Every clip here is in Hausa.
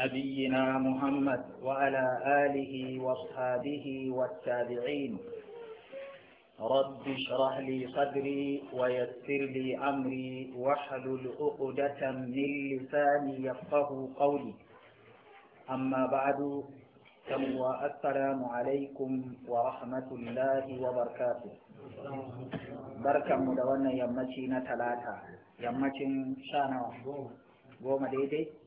نبينا محمد وعلى آله واصحابه والتابعين رب اشرح لي صدري ويسر لي أمري واحلل عقدة من لساني يفقه قولي أما بعد كم السلام عليكم ورحمة الله وبركاته بركة مدونة يمتين ثلاثة يمتين شانا ديدي دي.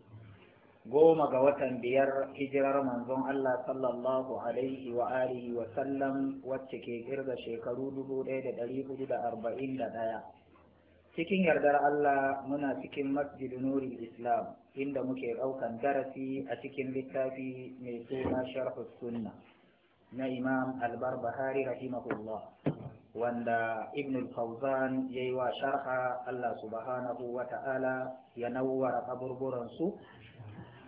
goma ga watan biyar hijirar manzon Allah sallallahu alaihi wa alihi wa sallam wacce ke kirga shekaru dubu ɗaya da ɗari hudu da arba'in da ɗaya cikin yardar Allah muna cikin masjid nuri islam inda muke ɗaukan darasi a cikin littafi mai suna sharhu sunna na imam albarbahari rahimahullah wanda ibn fauzan ya yi wa sharha Allah subhanahu wa ta'ala ya nawwara su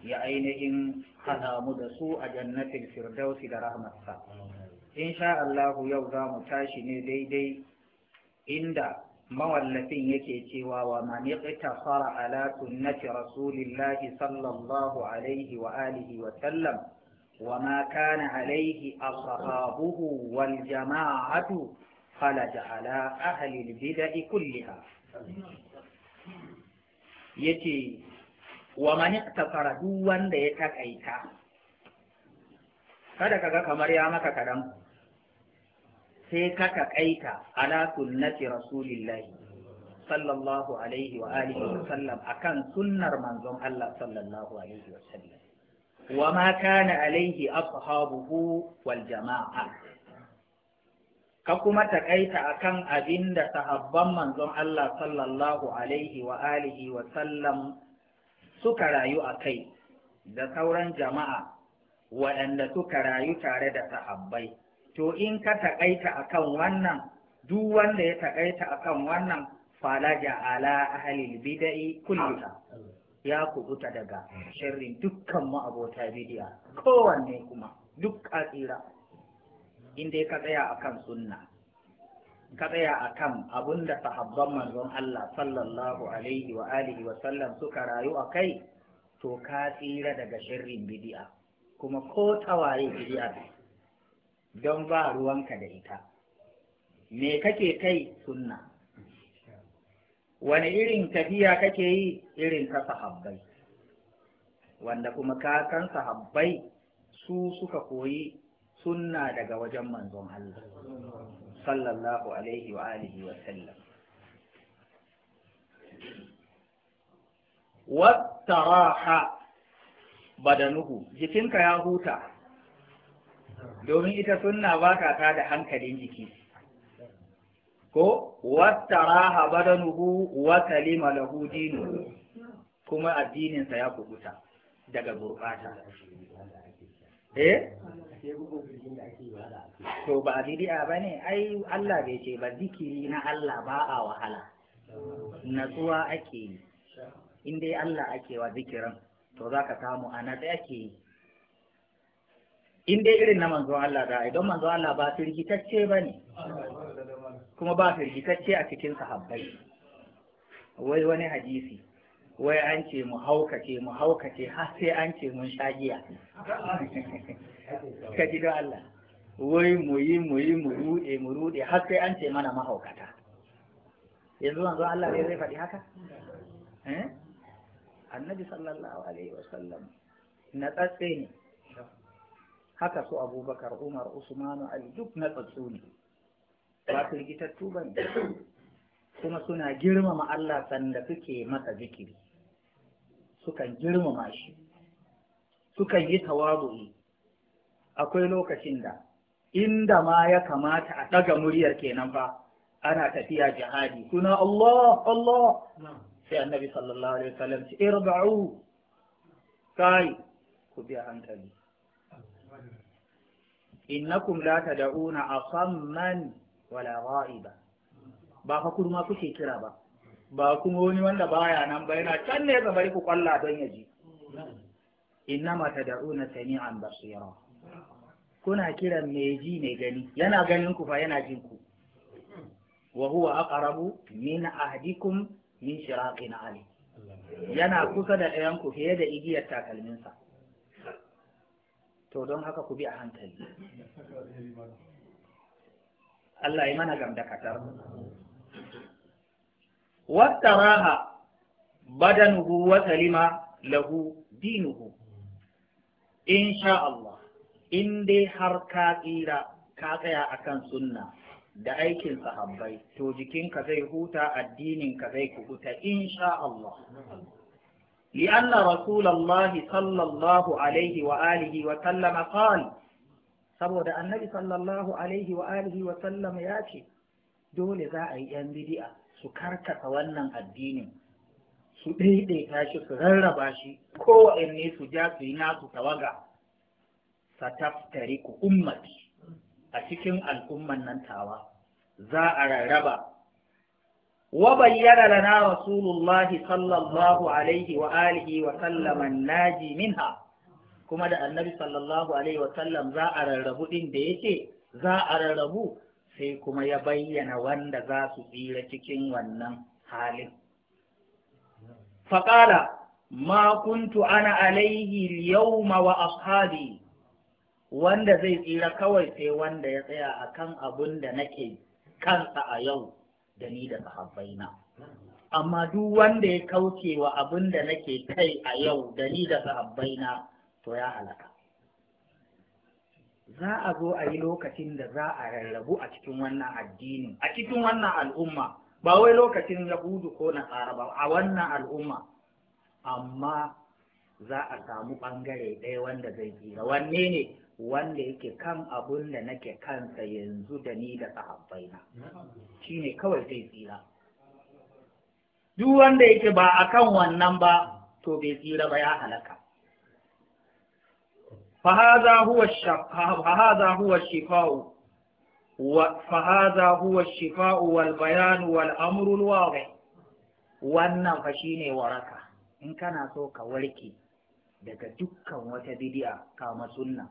ya ainihin hana mu da su a jannatin firdausi da rahmatsa insha Allahu yau za mu tashi ne daidai inda mawallafin yake cewa wa man iqtasara ala sunnati rasulillah sallallahu alaihi wa alihi wa sallam wa ma kana alaihi ashabuhu wal jama'atu khalaja ala ahli al-bid'ah kulliha wa man iqtasara duk wanda ya takaita kada kaga kamar ya maka kadan sai ka takaita ala sunnati rasulillahi sallallahu alaihi wa alihi wa sallam akan sunnar manzon Allah sallallahu alaihi wa sallam wa ma kana alaihi ashabuhu wal jama'a ka kuma takaita akan abinda sahabban manzon Allah sallallahu alaihi wa alihi wa sallam suka rayu a kai da sauran jama'a waɗanda suka rayu tare da sahabbai to in ka taƙaita a kan wannan duk wanda ya taƙaita a kan wannan falaja ala ahalil bida'i kulliha ya kubuta daga shirin dukkan ma'abota bidiya kowanne kuma duk a tsira in dai ka tsaya a kan sunna ka tsaya a kan abun da sahabban manzon Allah sallallahu alaihi wa alihi wa sallam suka rayu a kai to ka tsira daga shirin bidi'a kuma ko tsawaye bidi'a don ba ruwanka da ita me kake kai sunna wani irin tafiya kake yi irin ka sahabbai wanda kuma ka san sahabbai su suka koyi sunna daga wajen manzon Allah sallallahu alaihi wa badanuhu jikinka ya huta domin ita sunna baka ta da hankalin jiki ko wattaraha badanuhu wa kalima lahu dinu kuma addininsa ya kubuta daga gurɓata? eh to ba ba bane ai Allah bai ce ba zikiri na Allah ba a wahala natsuwa ake yi in dai Allah ake wa zikirin to za ka samu a natsi ake yi in dai irin na manzon Allah za a don manzon Allah ba firgitacce ba ne kuma ba firgitacce a cikin sahabbai wai wani hadisi wai an ce mu haukace mu haukace har sai an ce mun sha ka ji Allah wai mu yi mu yi mu rude mu rude har sai an ce mana mahaukata yanzu manzo Allah ne zai faɗi haka eh annabi sallallahu alaihi wasallam na tsatse ne haka su abubakar umar usmanu ali duk na tsatsu ne ba su rikitattu ba ne kuma suna girmama Allah sanda suke masa zikiri sukan girmama shi sukan yi tawabu'i akwai lokacin da inda ma ya kamata a ɗaga muryar kenan fa ana tafiya jihadi kuna Allah Allah sai annabi sallallahu alaihi wasallam ce irba'u kai ku biya hankali innakum la tad'una asamman wala ghaiba ba fa kurma kuke kira ba ba kuma wani wanda baya nan ba yana can ne ga bari ku kwalla don ya ji innama tad'una sami'an basira kuna kiran mai ji mai gani yana ganin ku fa yana jin ku wa huwa aqrabu min ahdikum min shiraqin ali yana kusa da ɗayan ku fiye da igiyar takalminsa to don haka ku bi a hankali Allah yi mana gamdakatar wattaraha badanuhu wa salima lahu dinuhu insha Allah in dai har ka tsira ka tsaya a kan sunna da aikin sahabbai to jikinka zai huta addininka zai kubuta insha Allah لأن رسول الله صلى الله عليه وآله وسلم قال saboda annabi sallallahu alaihi wa wa sallam ya ce dole za a yi yan bidi'a su karkasa wannan addinin su daidaita shi su rarraba shi kowanne su ja su yi nasu tawaga sataftariku ummati a cikin al'umman nan tawa za a rarraba wa bayyana lana rasulullahi sallallahu alaihi wa alihi wa sallam naji minha kuma da annabi sallallahu alaihi wa sallam za a rarrabu din da yake za a rarrabu sai kuma ya bayyana wanda za su tsira cikin wannan halin faƙala ma kuntu ana alaihi yawma wa ashabi wanda zai tsira kawai sai wanda ya tsaya a kan abin da nake kansa a yau da ni da sahabbaina amma duk wanda ya kauce wa abin da nake kai a yau da ni da sahabbaina to ya halaka za a zo a yi lokacin da za a rarrabu a cikin wannan addinin a cikin wannan al'umma ba wai lokacin yahudu ko nasara ba a wannan al'umma amma za a samu ɓangare ɗaya wanda zai tsira wanne ne wanda yake kan abun da nake kansa yanzu da ni da sahabbaina shi ne kawai zai tsira duk wanda yake ba a kan wannan ba to bai tsira ba ya halaka fahaza huwa shifa'u fahaza huwa shifa'u wal bayanu wal amrul wadih wannan fa shine waraka in kana so ka warke daga dukkan wata bidi'a kama sunna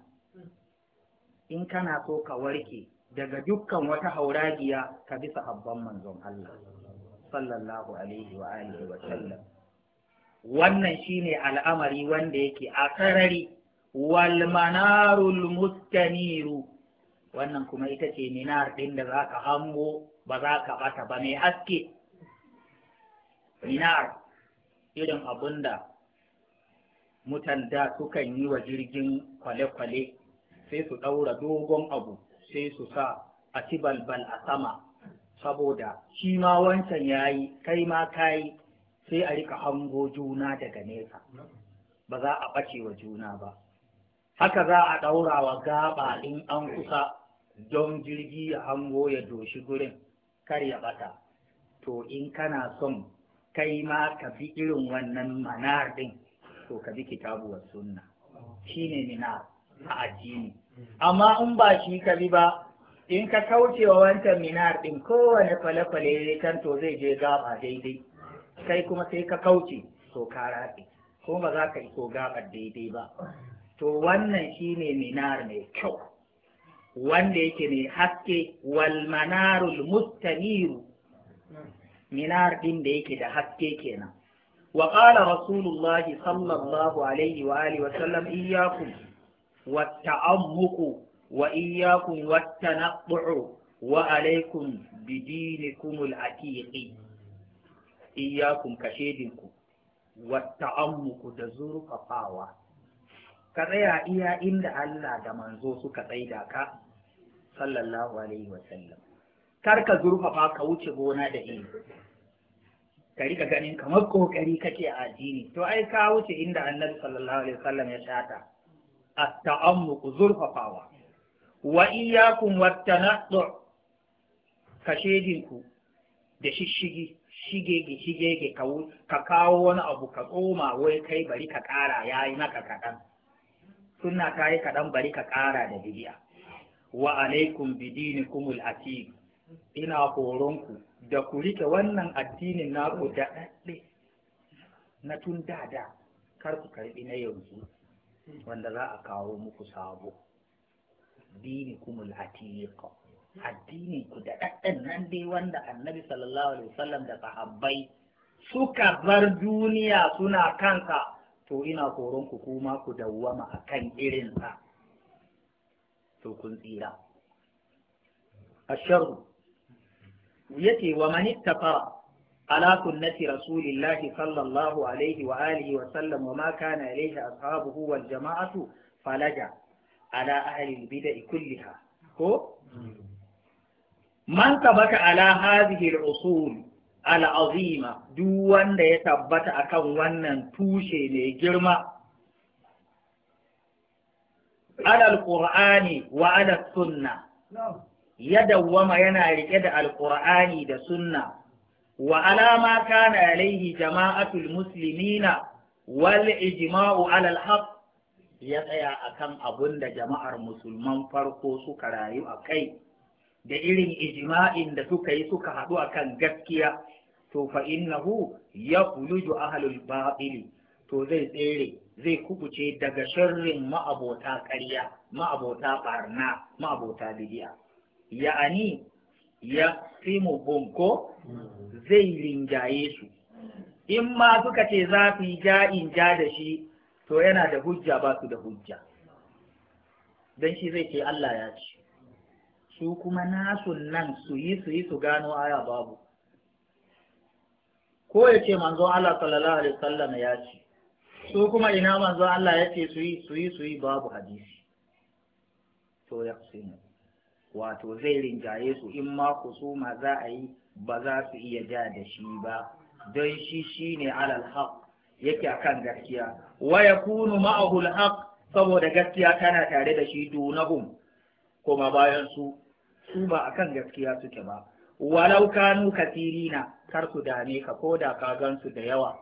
in kana so ka warke daga dukkan wata hauragiya ka bisa abban manzon Allah sallallahu alaihi wa alihi wa sallam wannan shine al'amari wanda yake a sarari wal manarul mustaniru wannan kuma ita ce minar din da zaka hango ba za ka bata ba mai haske minar irin abunda mutan da sukan yi wa jirgin kwale-kwale sai su ɗaura dogon abu sai su sa a ci balbal a sama saboda shi ma wancan ya yi kai ma ka yi sai a rika hango juna daga nesa ba za a ɓace wa juna ba haka za a ɗaura wa gaɓa in an kusa don jirgi ya hango ya doshi gurin kar ya ɓata to in kana son kai ma ka bi irin wannan manar ɗin to ka bi kitabuwar sunna Shi ne minar a addini amma in ba shi ka bi ba in ka kaucewa wancan minar ɗin kowane ya kwale to zai je gaba daidai kai kuma sai ka kauce to ka rafe ko ba za ka iso gabar daidai ba to wannan shine minar mai kyau wanda yake mai haske wal manarul mustaniru minar din da yake da haske kenan wa qala rasulullahi sallallahu alaihi wa alihi wa sallam iyyakum والتعمق وإياكم والتنطع وعليكم بدينكم العتيق إياكم كشيدكم والتعمق دزور قطاوة كذا إيا إن الله دمانزوس كذا كا صلى الله عليه وسلم karka zurfafa ka wuce gona da iri ka rika ganin kamar kokari kake a addini to ai ka wuce inda annabi sallallahu alaihi wasallam ya shata at ku zurfafawa wa iyyakum wat-tanaddu kashedinku shigege shigege ka kawo wani abu ka tsoma wai kai bari ka ƙara yayi maka kaɗan sunna ta yi kaɗan bari ka ƙara da bidiya wa alaikum bidinikumul atiq ina horonku da ku rike wannan addinin naku da ɗaɗɗe na tun da da kar ku karɓi na yanzu wanda za a kawo muku sabo dini kumul atiqa addini ku da dadan nan dai wanda annabi sallallahu alaihi wasallam da sahabbai suka bar duniya suna kansa to ina koron ku kuma ku dawwama akan irin sa to kun tsira asharu yace wa manittafa ala sunnati rasulillahi sallallahu alaihi wa wa sallam wa ma kana alaihi ashabuhu wal jama'atu falaja ala ahli bid'i kulliha ko man tabaka ala hadhihi al-usul al-azima duk wanda ya tabbata akan wannan tushe mai girma ala al-qur'ani wa sunna ya dawwama yana rike da al da sunna wa alama kana alaihi jama'atul muslimina wal ijma'u alal haqq ya tsaya akan abun da jama'ar musulman farko suka rayu a kai da irin ijma'in da suka yi suka haɗu akan gaskiya to fa innahu yakhluju ahlul batil to zai tsere zai kubuce daga sharrin ma'abota ƙarya ma'abota barna ma'abota bidiya ya'ani ya simuhum ko zai rinjaye su in ma suka ce za su yi ja'in ja da shi to yana da hujja ba su da hujja don shi zai ce Allah ya ce su kuma nasu nan su yi su yi su gano aya babu ko ya ce manzo Allah sallallahu alaihi wasallam ya ce su kuma ina manzo Allah ya ce su yi su yi su yi babu hadisi to ya kusa wato zai rinjaye su in ma kusuma za a yi ba za su iya ja da shi ba don shi shine alal haq yake akan gaskiya wa kunu ma'ahu al saboda gaskiya tana tare da shi dunahum kuma bayan su su ba akan gaskiya suke ba walau kanu kasirina kar su dame ka ko da ka gansu da yawa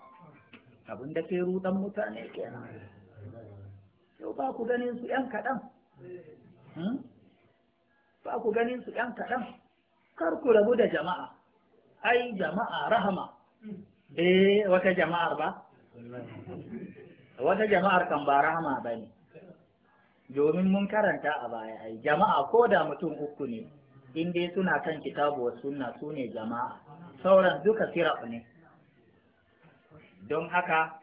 abin da ke rudan mutane kenan yau ba ku ganin su yan kaɗan hmm? ba ku ganin su ɗan kaɗan kar ku rabu da jama'a ai jama'a rahama eh wata jama'ar ba wata jama'ar kan ba rahama ba ne domin mun karanta a baya ai jama'a ko da mutum uku ne in dai suna kan kitabu wa sunna su ne jama'a sauran duka firaq ne don haka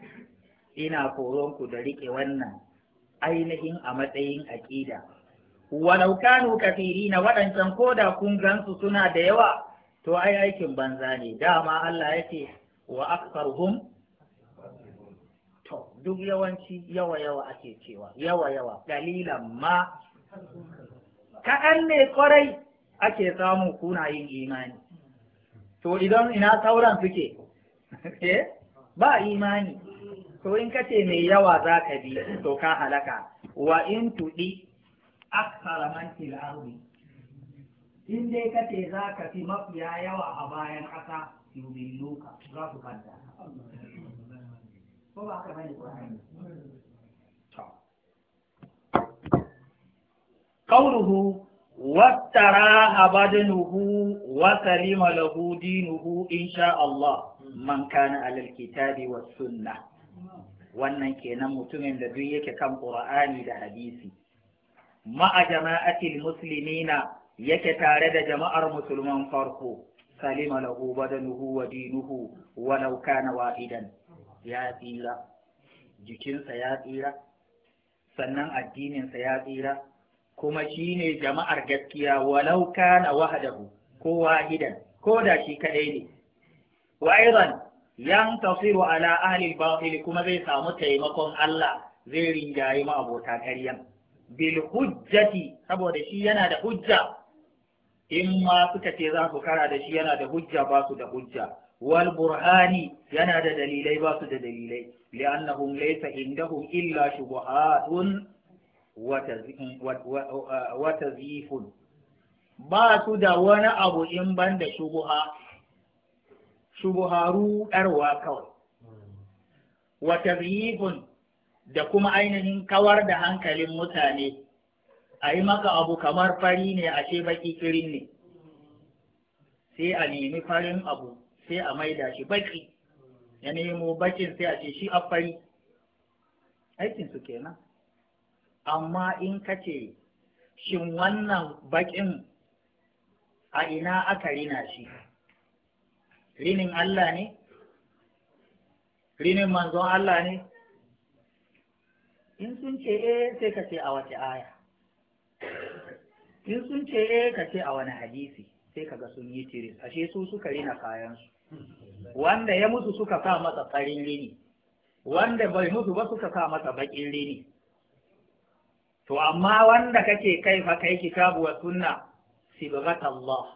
ina koronku da riƙe wannan ainihin a matsayin aƙida walau kanu kafirina waɗancan ko da kun gansu suna da yawa to ai aikin banza ne dama Allah yake wa aktsaruhum to duk yawanci yawa yawa ake cewa yawa yawa dalilan ma kaɗan ne kwarai ake samu kuna yin imani to idan ina sauran suke eh, ba imani to in kace mai yawa za ka bi to ka halaka wa in tuɗi aksara man fil ardi in dai kace za ka fi mafiya yawa a bayan ƙasa yudilluka za su kanta ko ba ka bane qur'ani qawluhu واستراح بدنه وسلم له دينه إن شاء الله من كان على الكتاب والسنة wannan kenan mutumin da duk yake kan Qur'ani da hadisi ma'a jama'atil muslimina yake tare da jama'ar musulman farko salima lahu badanuhu wa dinuhu law kana wahidan ya tsira jikinsa ya tsira sannan addininsa ya tsira kuma shine jama'ar gaskiya walau kana wahadahu ko wahidan ko da shi kadai ne wa aidan yantasiru ala ahli al kuma zai samu taimakon Allah zai ringaye ma abota ƙaryan bil hujjati saboda shi yana da hujja in ma suka ce za su kara da shi yana da hujja ba su da hujja wal burhani yana da dalilai ba su da dalilai li'annahum laysa indahum illa shubuhatun wa tazifun ba su da wani abu in ban da shubuha shubuharu ɗarwa kawai wa tazifun da kuma ainihin kawar da hankalin mutane a yi maka abu kamar fari ne ashe baki kirin ne sai a nemi farin abu sai a maida shi baki ya nemo bakin sai a ce shi a fari aikinsu kenan amma in ka ce shin wannan bakin a ina aka rina shi rinin Allah ne rinin manzon Allah ne in sun ce eh sai ka ce a wace aya in sun ce eh ka ce a wani hadisi sai kaga sun yi tiri ashe su suka rina kayansu wanda ya mutu suka sa masa tsarin rini wanda bai mutu ba suka sa masa bakin rini to amma wanda kake kai fa kai kitabu wa sunna sibghat Allah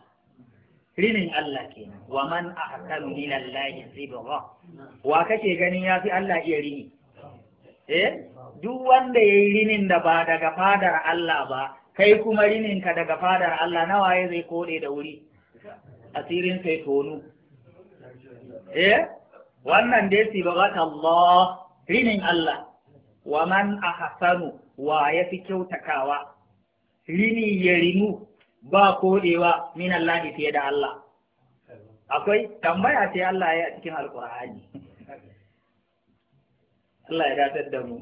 rinin Allah kenan wa man ahsanu min Allah sibgha wa kake ganin yafi Allah iya rini eh duk wanda ya yi rinin da ba daga fadar Allah ba kai kuma rininka daga fadar Allah na waye zai kode da wuri asirin sai tonu eh wannan dai sibagat Allah rinin Allah wa man ahsanu wa ya fi kyautakawa rini ya rinu ba kodewa min Allah fiye da Allah akwai tambaya ce Allah ya cikin alkur'ani Allah ya gatar da mu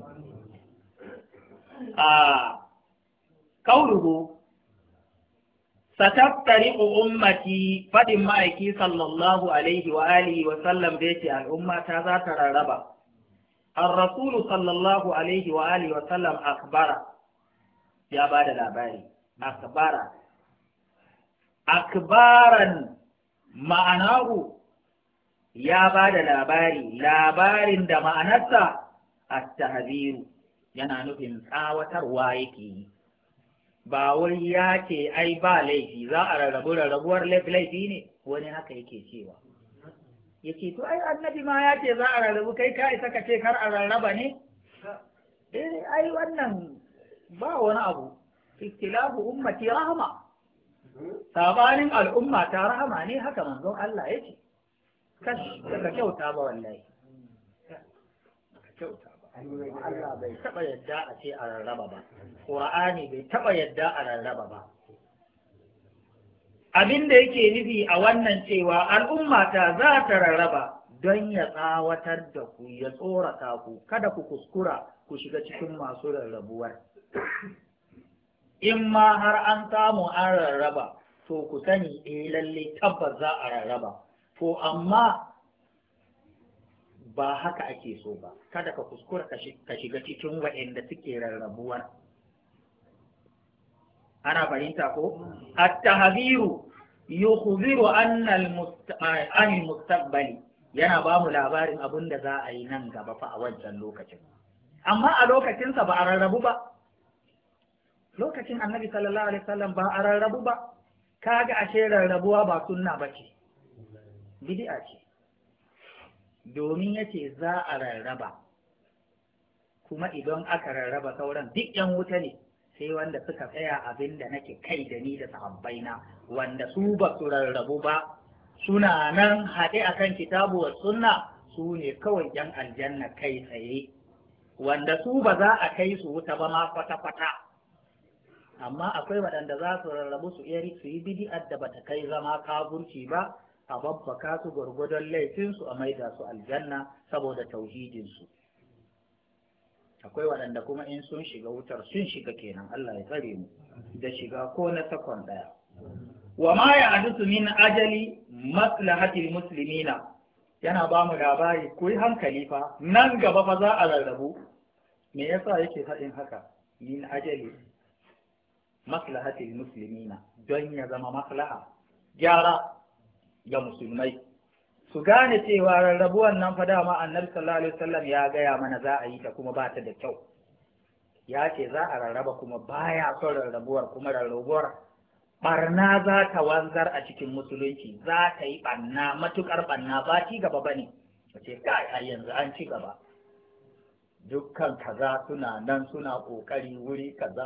a kauluhu satattariqu ummati fadin ma'aiki sallallahu alaihi wa alihi wa sallam da yake al'umma ta za ta rarraba ar-rasulu sallallahu alaihi wa alihi wa sallam akbara ya ba da labari akbara akbaran ma'anahu ya ba da labari labarin da ma'anarsa at-tahziru yana nufin tsawatarwa yake yi ba wai ya ce ai ba laifi za a rarrabu rarrabuwar laifi ne wani haka yake cewa yake to ai annabi ma ya ce za a rarrabu kai ka isa ka ce kar a rarraba ne eh ai wannan ba wani abu ikhtilafu ummati rahma sabanin al'umma ta rahama ne haka manzon Allah yake kash ka kyauta ba wallahi kyauta Allah bai taɓa yadda a ce a rarraba ba ƙur'ani bai taɓa yadda a rarraba ba abin da yake nufi a wannan cewa al'ummata za ta rarraba don ya tsawatar da ku ya tsorata ku kada ku kuskura ku shiga cikin masu rarrabuwar in ma har an samu an rarraba to ku sani eh lalle tabbas za a rarraba to amma ba haka ake so ba kada ka kuskura ka shiga cikin waɗanda suke rarrabuwar ana fahimta ko at-tahziru yukhbiru anna al-mustaqbali yana ba mu labarin abin da za a yi nan gaba fa a wancan lokacin amma a lokacinsa ba a rarrabu ba lokacin annabi sallallahu alaihi wasallam ba a rarrabu ba kaga ashe rarrabuwa ba sunna bace bid'a ce domin ya ce za a rarraba kuma idan aka rarraba sauran duk yan wuta ne sai wanda suka tsaya abin da nake kai da ni da sahabbaina wanda su ba su rarrabu ba suna nan haɗe a kan wa sunna su ne kawai yan aljanna kai tsaye wanda su ba za a kai su wuta ba ma kwata-kwata amma akwai waɗanda za su rarrabu su iri su yi bidi'ar da ta kai zama kaburci ba a babbaka su gwargwadon laifinsu a maida su aljanna saboda tauhidinsu akwai waɗanda kuma in sun shiga wutar sun shiga kenan Allah ya tsare mu da shiga ko na sakon ɗaya wa ma ya hadisu min ajali maslahatil muslimina yana ba mu labari ku yi hankali fa nan gaba fa za a rarrabu me yasa yake faɗin haka min ajali maslahatil muslimina don ya zama maslaha gyara ga musulmai su gane cewa rarrabuwan nan fa dama annabi sallallahu alaihi wasallam ya gaya mana za a yi ta kuma ba ta da kyau ya ce za a rarraba kuma baya son rarrabuwar kuma rarrabuwar barna za ta wanzar a cikin musulunci za ta yi barna matukar barna ba ci gaba bane ce kai yanzu an ci gaba dukkan kaza suna nan suna kokari wuri kaza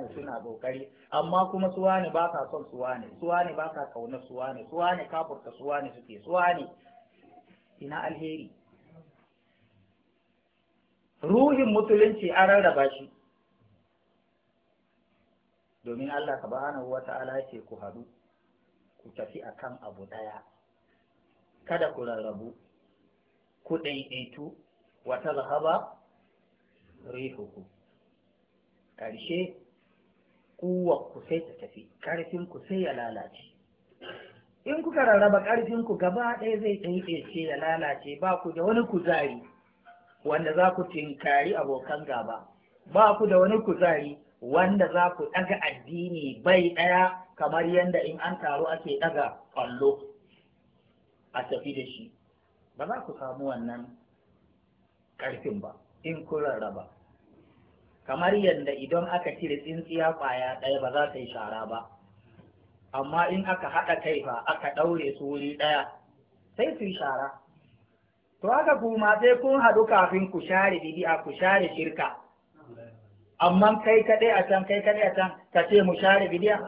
ne suna kokari amma kuma suwane ba ka son suwane suwane ba ka kauna suwane suwane kafurta ne suke ne. ina alheri ruhin musulunci an rarraba shi domin Allah subhanahu wa ta'ala ce ku hadu ku tafi akan abu daya kada ku rarrabu ku ɗaiɗaitu wata zahaba rihukum ƙarshe kuwar ku sai ta tafi ƙarfin ku sai ya lalace in kuka rarraba ƙarfin ku gaba ɗaya zai tsinke ya lalace ba ku da wani kuzari wanda za ku tinkari abokan gaba ba ku da wani kuzari wanda za ku ɗaga addini bai ɗaya kamar yadda in an taru ake ɗaga ƙwallo a tafi da shi ba za ku samu wannan ƙarfin ba in kun rarraba kamar yadda idan aka cire tsintsiya kwaya ɗaya ba za ta yi shara ba amma in aka haɗa kai fa aka ɗaure su wuri ɗaya sai su yi shara to haka kuma sai kun haɗu kafin ku share bidi'a ku share shirka amma kai kaɗai a can kai kaɗai a can ka ce mu share bidi'a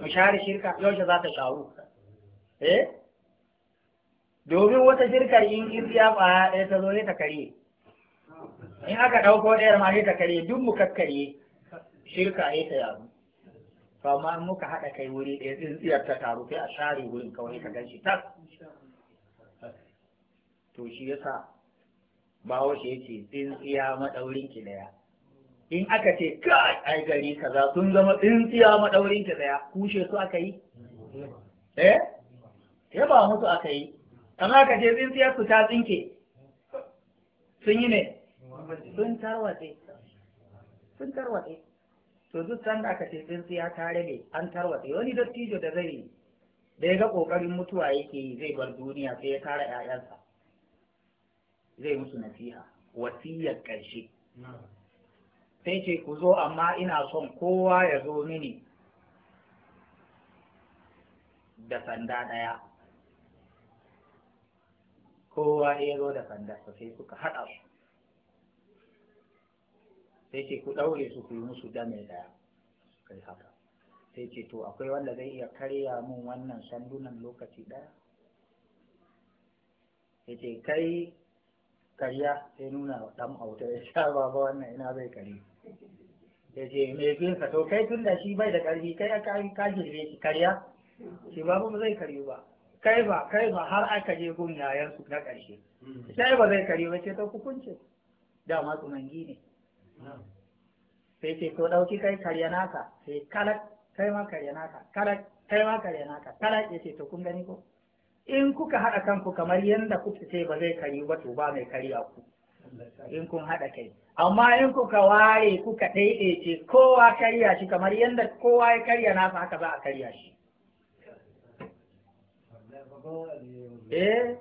mu share shirka yaushe za ta sharu eh domin wata shirkar in tsintsiya ƙwaya ɗaya ta zo ne ta karye in aka ɗauko ɗayar ma sai ta karye duk mu kakkarye shirka ne ta yaro to amma in muka haɗa kai wuri ɗaya tsintsiyar ta taru sai a share wurin kawai ka ganshi tas to shi yasa bawo shi yace tsintsiya madaurin ki daya in aka ce kai ai gari kaza sun zama tsintsiya madaurin ki daya kushe su aka yi eh ke ba musu aka yi amma aka ce tsintsiyar su ta tsinke sun yi ne sun tarwatse sun tarwatse to duk sanda aka ce siya tare ne, an tarwatse wani dattijo da zai da ya ga kokarin mutuwa yake yi zai bar duniya sai ya tara ƴaƴansa zai musu nasiha wasiyar ƙarshe sai ce ku zo amma ina son kowa ya zo mini da sanda ɗaya kowa ya zo da sanda sai suka haɗa su sai ce ku ɗaure su ku yi musu dame daya kai haka sai ce to akwai wanda zai iya karya mun wannan sandunan lokaci daya sai ce kai karya sai nuna ɗan auta ya sha ba wannan ina zai kare Sai ce me bin ka to kai tun da shi bai da ƙarfi kai aka ka girbe shi karya shi ba ba zai kare ba kai ba kai ba har aka je gun yayan su na ƙarshe hmm. sai ba zai kare ba ce ta hukunce dama tsunangi ne sai ce to ɗauki kai karya naka sai kalak kai ma karya naka kalak kai ma karya naka kalak ya ce to kun gani ko in kuka haɗa kanku kamar yadda kuka ce ba zai kari ba to ba mai a ku in kun haɗa kai amma in kuka ware kuka ɗaiɗaice kowa karya shi kamar yadda kowa ya karya nasa haka za a karya shi eh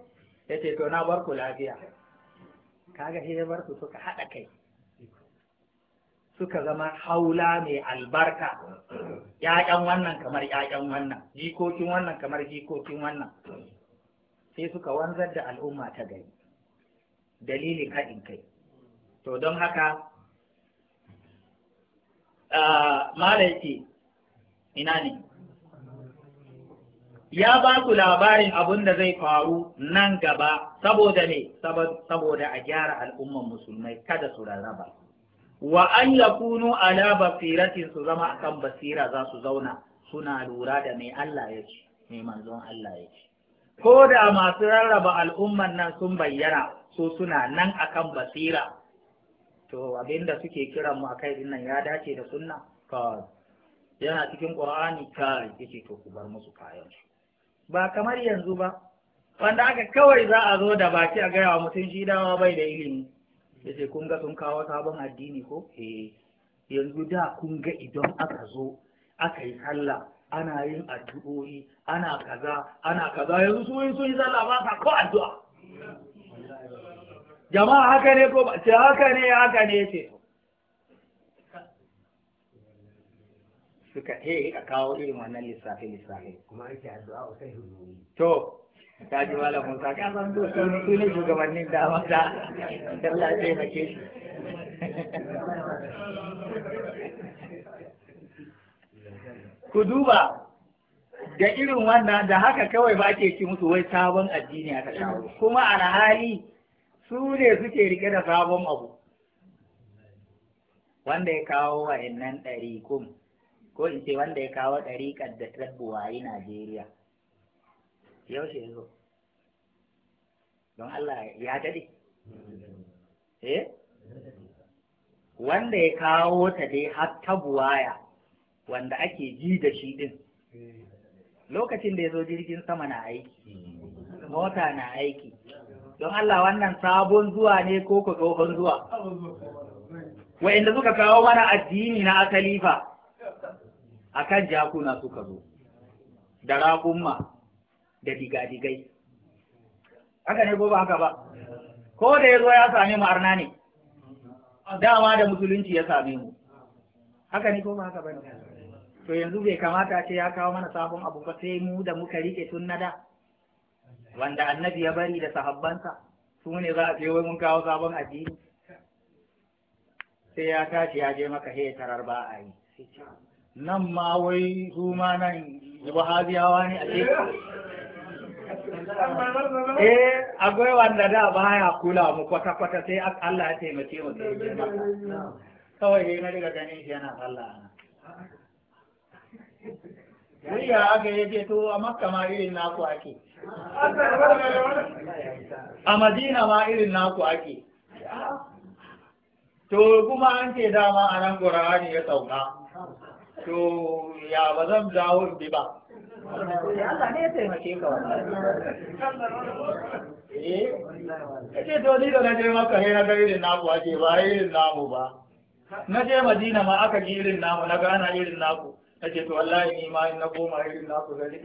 ya ce to na bar ku lafiya kaga sai ya bar ku suka haɗa kai suka zama haula mai albarka ‘ya'yan wannan kamar ‘ya'yan wannan jikokin wannan kamar jikokin wannan sai suka wanzar da al'umma ta gari dalili haɗin kai to don haka malaiki ina ne ya ba ku labarin abin da zai faru nan gaba saboda ne saboda a gyara al'umman musulmai kada su rarraba. wa an yakunu ala basiratin su zama akan basira za su zauna suna lura da mai Allah ya ce mai manzon Allah ya ce ko da masu rarraba al'umman nan sun bayyana so suna nan akan basira to abinda suke kiran mu akai din nan ya dace da sunna ka yana cikin qur'ani ka yake to ku bar musu kayan ba kamar yanzu ba wanda aka kawai za a zo da baki a gaya wa mutum shi dawa bai da ilimi ya ce kun ga sun kawo sabon addini ko eh yanzu da kun ga idan aka zo aka yi sallah ana yin addu'o'i ana kaza ana kaza yanzu su yi sun yi sallah ba sa ko addu'a jama'a haka ne ko ba ce haka ne haka ne ce suka he eh, a kawo irin wannan lissafi lissafi kuma ake addu'a sai hudumi to ka ji musa ka san su su ne shugabannin da maza Allah ya shi ku duba da irin wannan da haka kawai ba ke ci musu wai sabon addini aka kawo kuma alhali su ne suke rike da sabon abu wanda ya kawo wa'annan ɗari kum ko in ce wanda ya kawo ɗari da buwayi Najeriya yaushe ya zo don Allah ya dade eh wanda ya kawo ta dai har ta wanda ake ji da shi ɗin. lokacin da ya zo jirgin sama na aiki mota na aiki don Allah wannan sabon zuwa ne ko ko tsohon zuwa wa'inda suka kawo mana addini na akalifa A akan jakuna suka zo da raƙumma da digadigai haka ne ko ba haka ba ko da ya zo ya sami mu arna ne dama da musulunci ya same mu haka ne ko ba haka ba ne to yanzu bai kamata ce ya kawo mana sabon abu ba sai mu da muka rike tun na da wanda annabi ya bari da sahabbansa su ne za a ce wai mun kawo sabon addini sai ya tashi ya je maka he tarar ba a yi nan ma wai su ma nan wahabiyawa ne a ce eh akwai wanda da ba ya kula mu kwata kwata sai Allah ya taimake mu sai ba. kawai dai na daga ganin shi yana sallah ana ya aka yi ce to a makka ma irin naku ake a madina ma irin naku ake to kuma an ce dama a nan ne ya sauka to ya ba zan dawo in bi ba eh, Allah ne ya taimake ka eh kace to ni da naje maka hira ga irin naku ake ba irin namu ba na je Madina ma aka ji irin namu na gana irin naku na ce to wallahi ni ma na goma irin naku gani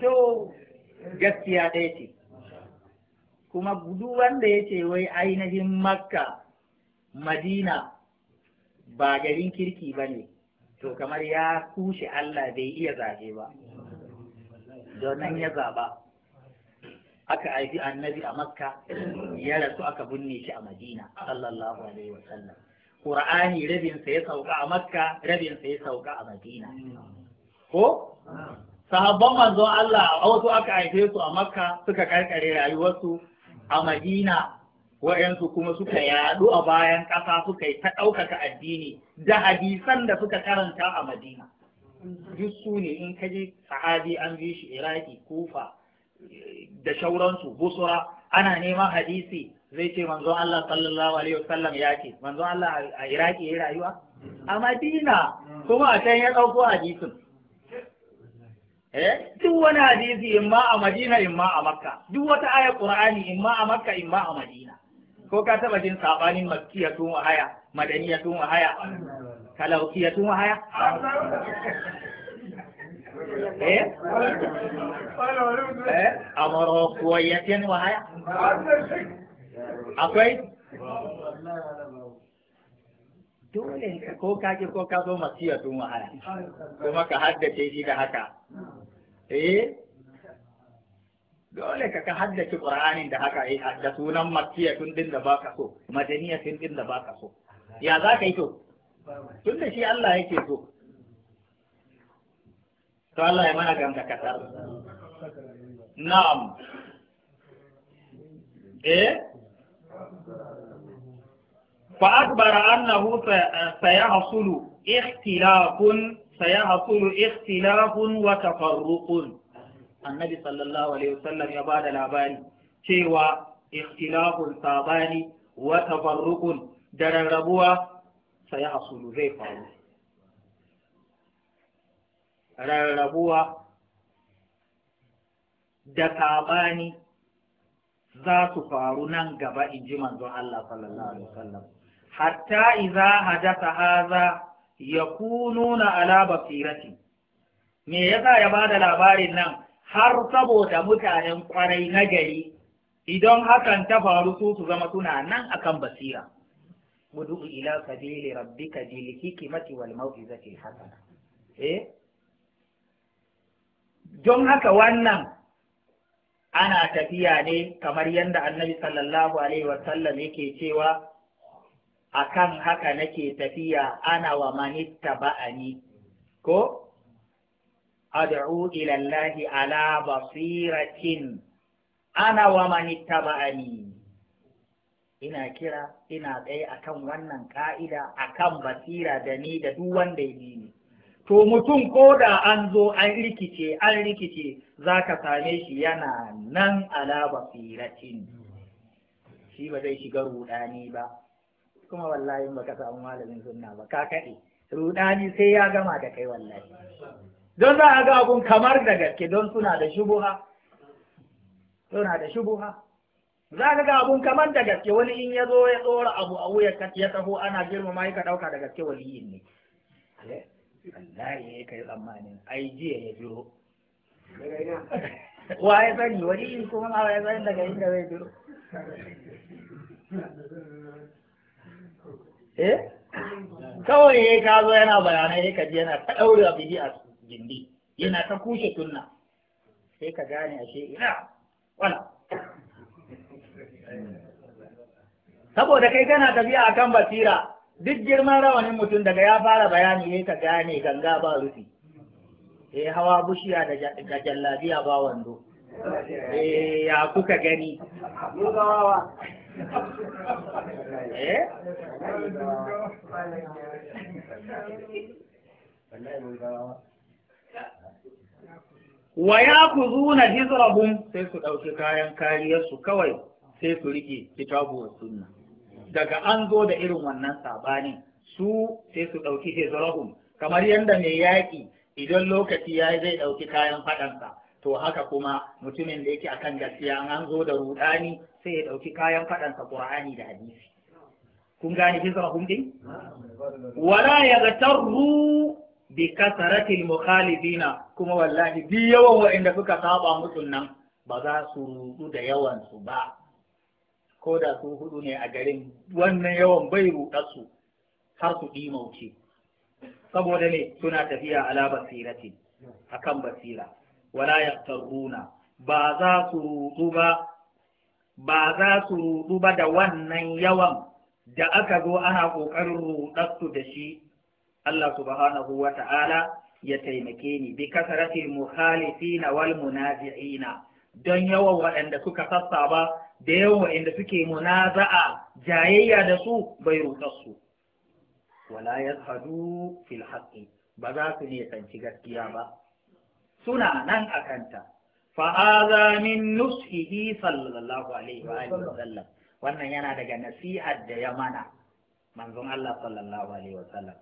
to gaskiya ɗaya ce kuma duk wanda ya ce wai ainihin makka madina ba garin kirki ba ne to kamar ya kushe Allah bai iya zaɓe ba don nan ya zaba aka haifi annabi a makka ya rasu aka binne shi a madina sallallahu alaihi wa sallam rabinsa ya sauka a makka rabinsa ya sauka a madina ko sahabban manzon Allah a wasu aka haife su a makka suka karkare rayuwarsu a madina wa'yansu kuma suka yaɗu a bayan ƙasa suka yi ta ɗaukaka addini da hadisan da suka karanta a madina duk su ne in ka je sahabi an bi shi iraki kufa da shauransu busura ana neman hadisi zai ce manzon Allah sallallahu alaihi wasallam ya ce manzon Allah a iraki ya rayuwa a madina kuma a can ya ɗauko hadisin eh, duk wani hadisi imma a madina imma a makka duk wata ayar qur'ani imma a makka imma a madina ko ka taba jin sabanin makkiyatun wa haya madaniyatun wa haya tun wa haya eh eh amaro kuwayatin wa haya akwai dole ko ka ki ko ka zo makkiyatun wa haya kuma ka haddace shi da haka eh dole ka ka haddace Qur'ani da haka yi da sunan tun din da baka so madaniya tun din da baka so ya za ka yi to tun da shi Allah yake so to Allah ya mana gamda kasar na'am eh annahu sayahsulu ikhtilafun sayahsulu ikhtilafun wa tafarruqun annabi sallallahu alaihi wasallam ya bada labari cewa ikhtilafun sabani wa tafarruqun da rarrabuwa sai hasulu zai faru rarrabuwa da sabani za su faru nan gaba in ji manzon Allah sallallahu alaihi wasallam hatta idza hadatha hadha yakununa ala basirati me yasa ya bada labarin nan har saboda mutanen kwarai na gari idan hakan ta faru su su zama suna nan akan basira mudu ila sabili rabbika bil hikmati wal mau'izati hasana eh don haka wannan ana tafiya ne kamar yadda annabi sallallahu alaihi wasallam yake cewa akan haka nake tafiya ana wa manitta ba'ani ko ad'u ila Allah ala basiratin ana wa man ittaba'ani ina kira ina tsaye akan wannan ka'ida akan basira da ni da duk wanda ya bi ni to mutum ko da an zo an rikice an rikice za ka same shi yana nan ala basiratin shi ba zai shiga rudani ba kuma wallahi ba ka samu malamin sunna ba ka kaɗe rudani sai ya gama da kai wallahi don za a ga abun kamar da gaske don suna da shubuha suna da shubuha za ka ga abun kamar da gaske wani in ya zo ya tsora abu a wuya ya taho ana girmama ya ka ɗauka da gaske waliyin ne Allah ya kai tsammanin ai jiya ya biro wa ya sani waliyin kuma ma ya sani daga inda zai biro eh kawai ya ka zo yana bayanai ya ka ji yana ta ɗaure a bidiyar gindi yana ta kushe tunna. sai ka gane ashe ina wala saboda kai kana tafiya akan basira duk girman rawanin mutum daga ya fara bayani ne ka gane ganga ba rufi eh hawa bushiya da jallabiya ba wando eh ya kuka gani eh mun gawa wa ya ku zuna hizrahum sai su ɗauki kayan kariyarsu kawai sai su riƙe kitabu wa sunna daga an zo da irin wannan sabanin su sai su ɗauki hizrahum kamar yadda mai yaƙi idan lokaci ya zai ɗauki kayan faɗansa to haka kuma mutumin da yake akan gaskiya an zo da rudani sai ya ɗauki kayan faɗansa ƙur'ani da hadisi kun gane hizrahum ɗin? wala yaghtarru bi kasaratil mukhalifina kuma wallahi bi yawan wa'inda suka saba mutun nan ba za su rudu da yawan su ba ko da su hudu ne a garin wannan yawan bai rudu su har su ɗimauce saboda ne suna tafiya ala basirati akan basira wala yaqtaruna ba za su rudu ba ba za su rudu ba da wannan yawan da aka zo ana ƙoƙarin rudu da shi Allah subhanahu wa ta'ala ya taimake ni bi kasaratil mukhalifina wal munafi'ina don yawan waɗanda suka sassaba da yawan waɗanda suke munaza'a jayayya da su bai rutar su wala yazhadu fil haqqi ba za su ne tsanci gaskiya ba suna nan a fa hadha min nusihi sallallahu alaihi wa wa sallam wannan yana daga nasihar da ya mana manzon Allah sallallahu alaihi wa sallam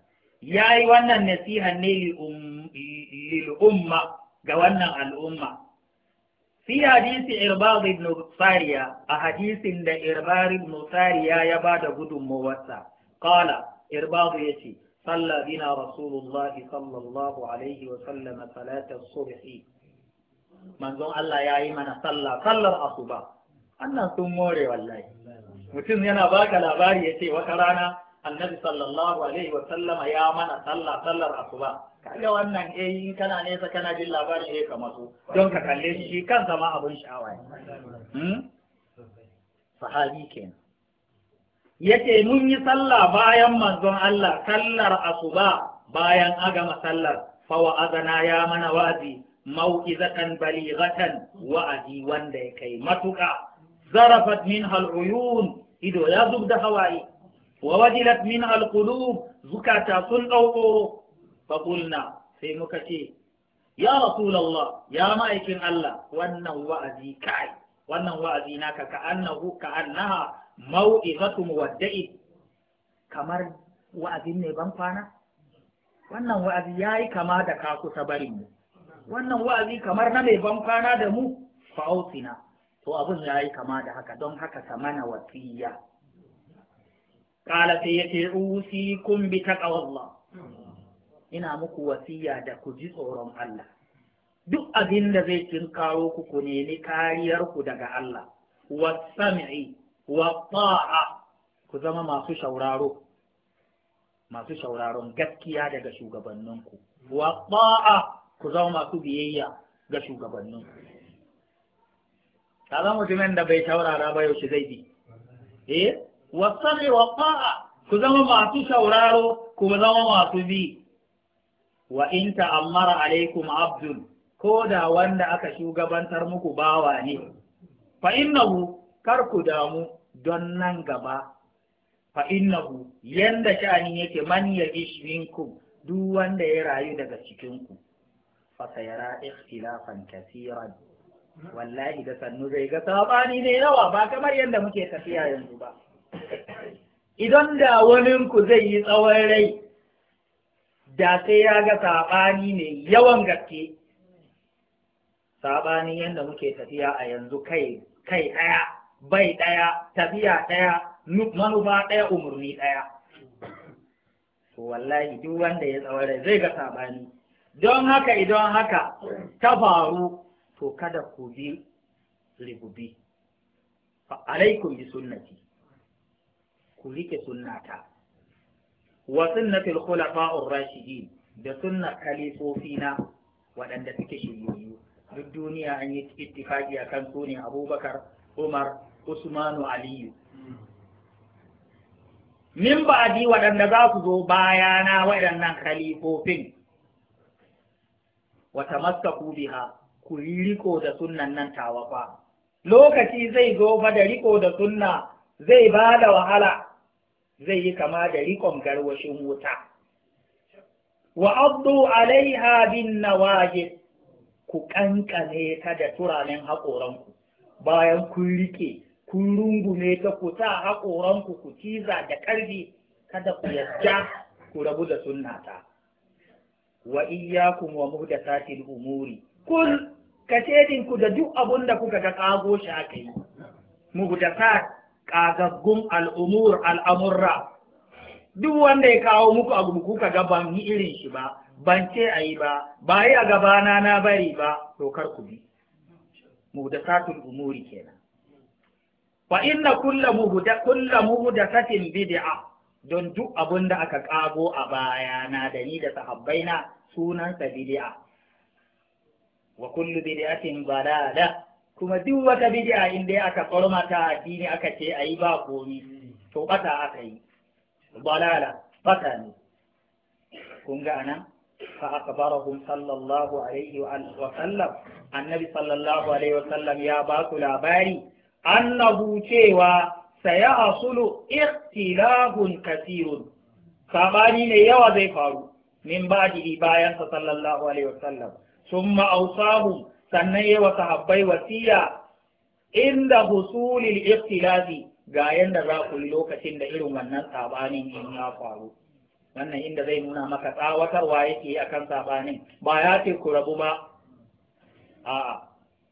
ya yi wannan nasihan ne lil'umma um-, ga wannan al'umma fi hadisi irbad ibn sariya a hadisin da irbad ibn sariya ya ba da gudunmawarsa qala irbad ya ce صلى بنا رسول الله صلى الله عليه وسلم صلاة الصبح من زون الله يا إيمان صلى صلى الأصبع أنا mutum yana baka labari ya ce wata rana annabi sallallahu alaihi wa sallama ya mana sallah sallar asuba kaga wannan eh in kana nesa kana jin labarin eh kamar su don ka kalle shi kansa ma abun sha'awa ne hmm? sahabi kenan yace mun yi sallah bayan manzon Allah sallar asuba bayan agama sallar fawa azana ya mana wazi mau'izatan balighatan wa'azi wanda ya kai matuka zarafat min hal ido ya zubda hawaye wa wajilat min alqulub zukata sun dauko fa sai muka ce ya rasulullah ya ma'aikin Allah wannan wa'azi kai wannan wa'azi naka ka annahu ka annaha mau'izatu muwadda'i kamar wa'azin ne ban kwana wannan wa'azi yayi kama da ka kusa bari mu wannan wa'azi kamar na mai ban kwana da mu fa'autina to abin yayi kama da haka don haka mana wasiya kala sai yace usikum bi taqwallah ina muku wasiya da ku ji tsoron Allah duk abinda zai tinkaro ku ku nemi kariyar daga Allah wasami'i wa ta'a ku zama masu shauraro masu shauraron gaskiya daga shugabanninku wa ta'a ku zama masu biyayya ga shugabanninku kaza mutumin da bai taurara ba yaushe zai bi wasarri wa fa'a ku zama masu sauraro ku zama masu bi wa in ta'ammara alaikum abdul ko da wanda aka shugabantar muku bawa ne fa innahu kar ku damu don nan gaba fa innahu yanda sha'ani yake man ya ishminkum duk wanda ya rayu daga cikinku fa sayara ikhtilafan kasiran wallahi da sannu zai ga sabani ne yawa ba kamar yadda muke tafiya yanzu ba idan da waninku zai yi tsawon rai da sai ya ga saɓani ne yawan gaske saɓani yadda muke tafiya a yanzu kai kai ɗaya bai ɗaya tafiya ɗaya manufa ɗaya umarni ɗaya to wallahi duk wanda ya tsawon rai zai ga saɓani don haka idan haka ta faru to kada ku bi rigubi alaikum bi sunnati ku rike sunnata wa sunnatul khulafa'ur rashidin da kalifofi na waɗanda suke shiryoyi duk duniya an yi ittifaqi akan su ne Abubakar Umar Usmanu Aliyu min ba'di waɗanda za su zo bayana waɗannan kalifofin wa tamassaku biha ku riko da sunnan nan tawafa lokaci zai zo fa da riko da sunna zai ba da wahala zai yi kama da rikon garwashin wuta wa abdu alaiha bin nawajid ku ƙanƙane ta da turanen haƙoranku bayan kun rike kun rungume ta ku sa haƙoranku ku ciza da ƙarfi kada ku yadda ku rabu da sunnata wa iyyakum wa muhdathatil umuri kul ka ku da duk abin da kuka ga ƙago shi aka yi muhdathat kagaggun al'umur al'amurra duk wanda ya kawo muku abu bukuka ga ban yi irin shi ba ban ce a yi ba ba yi a gabana na bari ba to kar ku bi muhdasatul umuri kenan fa inna kulla muhda kulla satin bid'a don duk abin da aka kago a bayana da ni da sahabbaina sunansa bid'a wa kullu bid'atin dalala kuma duk wata bid'a in dai aka tsormata addini aka ce ayi ba komi to bata aka yi balala bata ne kun ga anan fa akbarahum sallallahu alaihi wa sallam annabi sallallahu alaihi wa sallam ya ba su labari annahu cewa asulu ikhtilafun kathirun sabani ne yawa zai faru min ba'dihi bayan sa sallallahu alaihi wa sallam summa awsahum sannan yawa sahabbai wasiya inda husulil ikhtilafi ga yanda za ku yi lokacin da irin wannan sabanin in ya faru wannan inda zai nuna maka tsawatarwa yake akan sabanin ba ya ce ku rabu ba a'a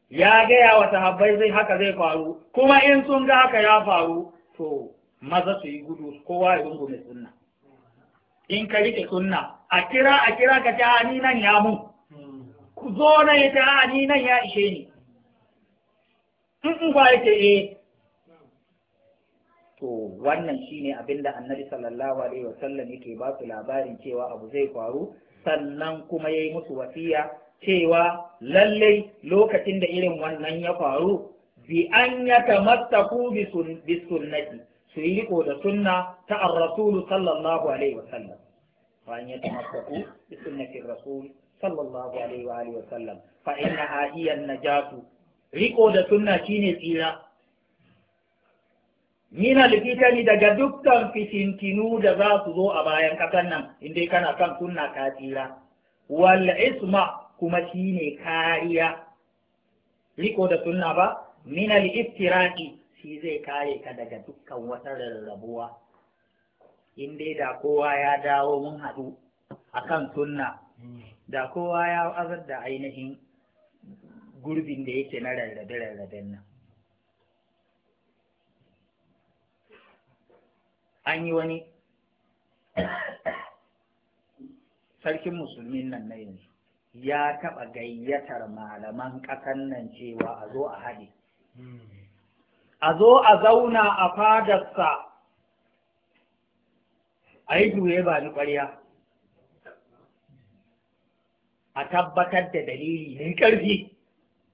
ya gaya wa sahabbai zai haka zai faru kuma in sun ga haka ya faru to maza su yi gudu kowa ya rungume sunna in ka rike sunna a kira a kira ka ta ni nan ya mun zo na ya ta ah, ni nan ya ishe ni in in ba yake eh to wannan shi abin abinda annabi sallallahu alaihi wasallam yake ba su labarin cewa abu zai faru sannan kuma ya yi musu wasiya cewa lallai lokacin da irin wannan ya faru bi an ya ku bi sunnati su yi riko da sunna ta ar sallallahu alaihi wasallam wa an ya tamattaku bi sunnati ar rasu? sallallahu alaihi wa alihi wa sallam fa innaha najatu riko da sunna shine tsira na likita ni daga dukkan fitintinu da za su zo a bayan ƙasar nan inda kana kan sunna ka tsira. Wal isma kuma shine kariya. Riko da sunna ba, minal iftiraki shi zai kare ka daga dukkan wata rarrabuwa. In da kowa ya dawo mun haɗu akan sunna, hmm. da kowa ya azar da ainihin gurbin da yake na rarrabe-rarraben nan an yi wani sarkin musulmin nan na yanzu ya taɓa gayyatar malaman ƙasan nan cewa a zo a haɗe a zo a zauna a fadarsa a yi bani ba ni ƙwarya a tabbatar da dalili mai ƙarfi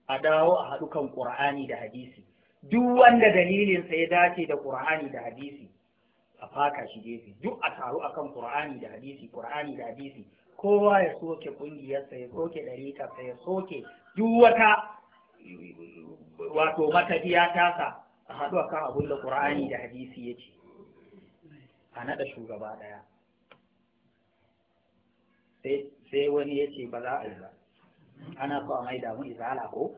a dawo a haɗu kan ƙur'ani da hadisi duk wanda dalilinsa ya dace da ƙur'ani da hadisi a faka shi gefe duk a taru kan ƙur'ani da hadisi ƙur'ani da hadisi kowa ya soke ƙungiyarsa ya soke ɗariƙarsa ya soke duk wata wato matafiya tasa a haɗu akan abin da ƙur'ani da hadisi ya ce a naɗa shugaba ɗaya sai wani ya ce ba za a yi ba ana so a maida isa izala ko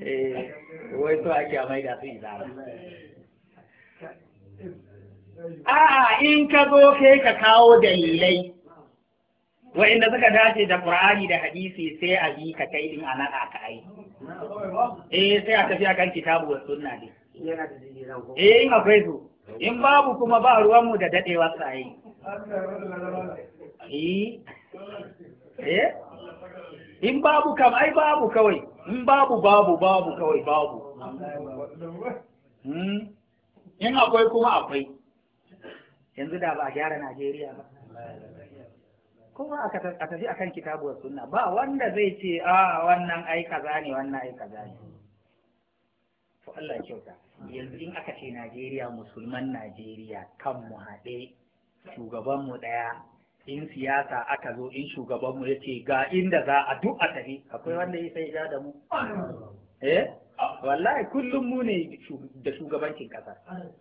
eh wai so ake a maida su izala a'a in ka zo kai ka kawo dalilai wa'inda suka dace da Qur'ani da hadisi sai a yi ka kai din anan ka ai eh sai a tafiya kan kitabu wa sunna ne eh in akwai su in babu kuma ba ruwanmu da dadewa tsaye eh in babu kam ai babu kawai in babu babu babu kawai babu hmm? in akwai kuma akwai yanzu da ba a gyara Najeriya ba kuma a tafi akan kitabuwar sunna ba wanda zai ce a wannan ai kaza ne wannan ai kaza ne to Allah kyauta yanzu in aka ce Najeriya musulman Najeriya kan mu haɗe shugabanmu ɗaya in siyasa aka zo in shugabanmu ya ce ga inda za a duk a tafi akwai wanda ya sai ja da mu eh wallahi kullum mu ne da shugabancin ƙasa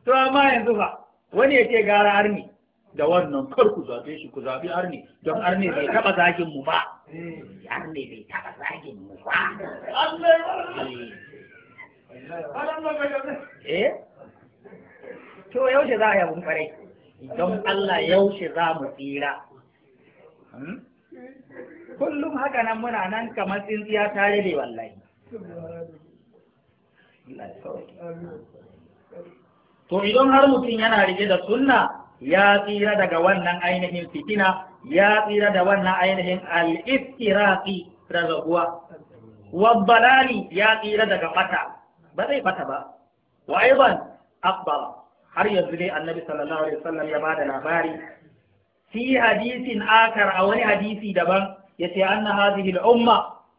to amma yanzu fa wani ya ce gara arni da wannan kar ku zaɓe shi ku zaɓi arne don arne bai taɓa zagin mu ba arne bai taɓa zagin mu ba eh to yaushe za a yabun kwarai Idan Allah yaushe za mu tsira hmm? kullum haka nan muna nan kamar tsintsiya ta rile wallahi to idan har mutum yana rike da sunna ya tsira daga wannan ainihin fitina ya tsira da wannan ainihin al da zaguwa. wabbalali ya tsira daga fata ba zai fata ba wa aiban akbara har yanzu dai annabi sallallahu alaihi wasallam ya bada labari fi hadisin akar a wani hadisi daban yace anna hadhihi al-umma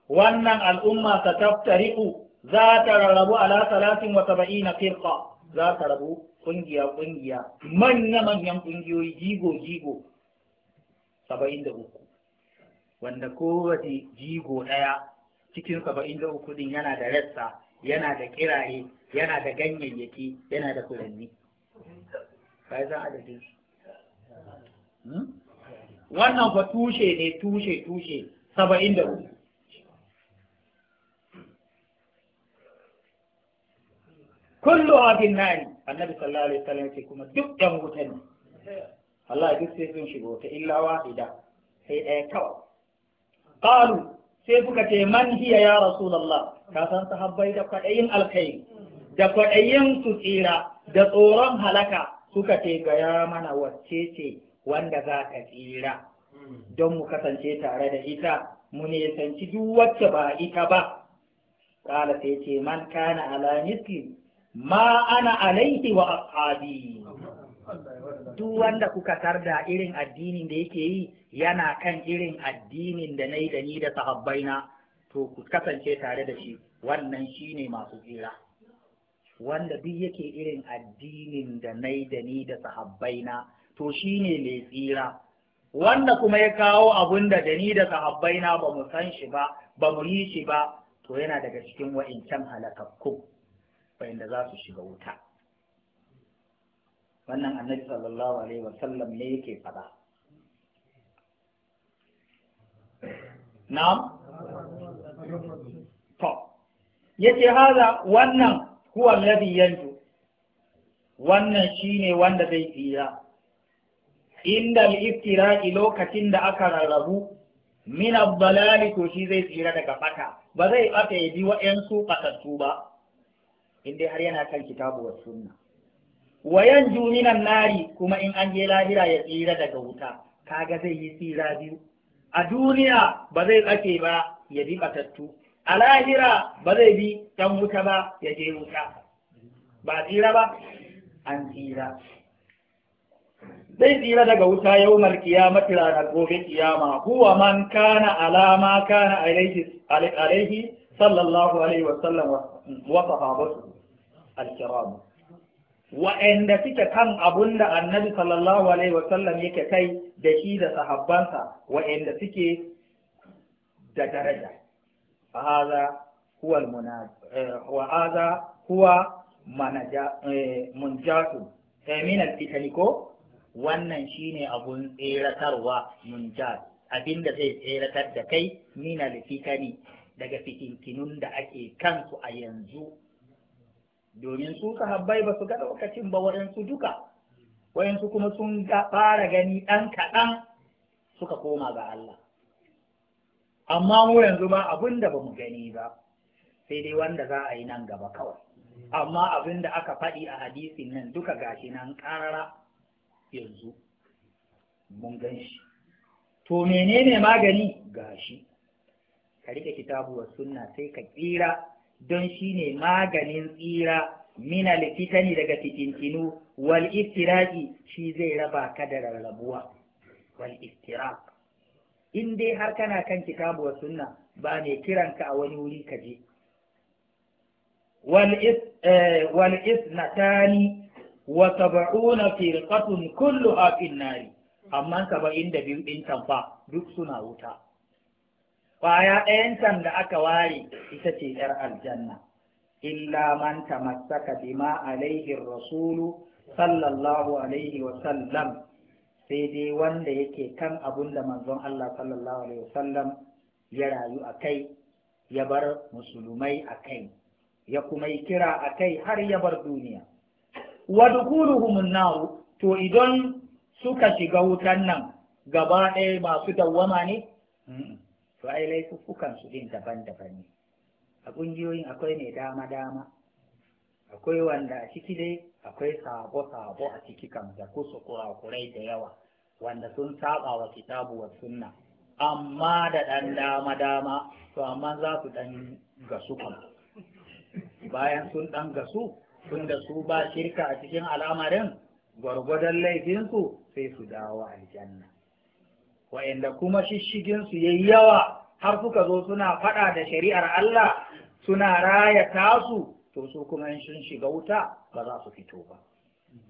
wannan al'umma ta taftariku za ta rarrabu ala talatin wa saba'ina firqa za ta rabu kungiya kungiya manya manyan kungiyoyi jigo jigo saba'in da uku wanda kowace jigo ɗaya cikin saba'in da uku din yana da rassa yana da kiraye, yana da ganyayyaki yana da furanni kai za a hmm? wannan fa tushe ne tushe tushe saba'in da hudu kullu abin nari annabi sallallahu alaihi wasallam ce kuma duk yan wuta ne Allah duk sai sun shigo ta illa wahida sai ɗaya kawai qalu sai suka ce man hiya ya rasulullah ka san sahabbai da kwaɗayin alkhairi da kwaɗayin su tsira da tsoron halaka suka ce ya mana wacce ce wanda za ka tsira don mu kasance tare da ita mu nisanci duk wacce ba ita ba kala sai ce man kana ala misli ma ana alaihi wa ashabi duk wanda kuka tarda irin addinin da yake yi yana kan irin addinin da na yi da ni da sahabbaina to ku kasance tare da shi wannan shine masu tsira wanda duk yake irin addinin da nai da ni da sahabbaina to shine mai tsira wanda kuma ya kawo abun da da ni da sahabbaina ba mu san shi ba ba mu yi shi ba to yana daga cikin wa'incan halakakku wa'inda za su shiga wuta wannan annabi sallallahu alaihi wasallam ne yake faɗa na'am to yace haza wannan huwa alladhi yanju wannan shine wanda zai tsira inda al-iftira'i lokacin da aka rarrabu min ad-dalali to shi zai tsira daga bata ba zai bata ya bi wa'ansu batattu ba inda har yana kan kitabu wa sunna wa yanju minan nari kuma in an je lahira ya tsira daga wuta kaga zai yi tsira biyu a duniya ba zai tsake ba ya bi batattu a lahira ba zai bi can wuta ba ya je wuta ba tsira ba an tsira zai tsira daga wuta yau markiyamati ranar gobe kiyama huwa man kana alama kana alaihi sallallahu alaihi wasallam wa sahabatu alkiram wa'anda suke kan abun da annabi sallallahu alaihi wasallam yake kai da shi da sahabbansa wa'anda suke da daraja Wahaza, huwa almunaj wa hadha munjatu min alfitani ko wannan shine abun tseratarwa abin abinda zai tseratar da kai min alfitani daga fitinkinun da ake kansu a yanzu domin su sahabbai ba su ga lokacin ba waɗansu duka waɗansu kuma sun fara gani ɗan kaɗan suka koma ga Allah amma mu yanzu ma abin da ba mu gani ba sai dai wanda za a yi nan gaba kawai amma abin da aka faɗi a hadisin nan duka gashi nan ƙarara yanzu mun gan shi to menene magani gashi ka rike kitabu wa sunna sai ka tsira don shi ne maganin tsira mina fitani daga fitintinu wal shi zai raba ka da rarrabuwa wal in dai har kana kan kitabu wa sunna ba ne kiranka a wani wuri ka je wal isnatani eh, wa sab'una firqatun kullu fin nari amma saba'in da biyu ɗin can duk suna wuta kwaya ɗayan can da aka ware ita ce ‘yar aljanna illa man tamassaka bima alaihi rasulu sallallahu alaihi wa sallam sai dai wanda yake kan abun da manzon Allah sallallahu alaihi wasallam ya rayu a kai ya bar musulmai a kai ya kuma yi kira a kai har ya bar duniya wa dukuluhumun to idan suka shiga wutan nan gaba ɗaya masu dawwama ne to ai laifukan su din daban-daban ne a ƙungiyoyin akwai mai dama-dama akwai wanda a ciki dai akwai sabo-sabo a ciki kan da kusa kurakurai da yawa wanda sun saba wa kitabu wa sunna amma da ɗan dama-dama to amma za su ɗan gasu kuma bayan sun ɗan gasu da su ba shirka a cikin al'amarin gwargwadon laifinsu sai su dawo aljanna wa'inda kuma shishiginsu ya yi yawa har suka zo suna faɗa da shari'ar Allah suna raya tasu to su kuma in sun shiga wuta ba za su fito ba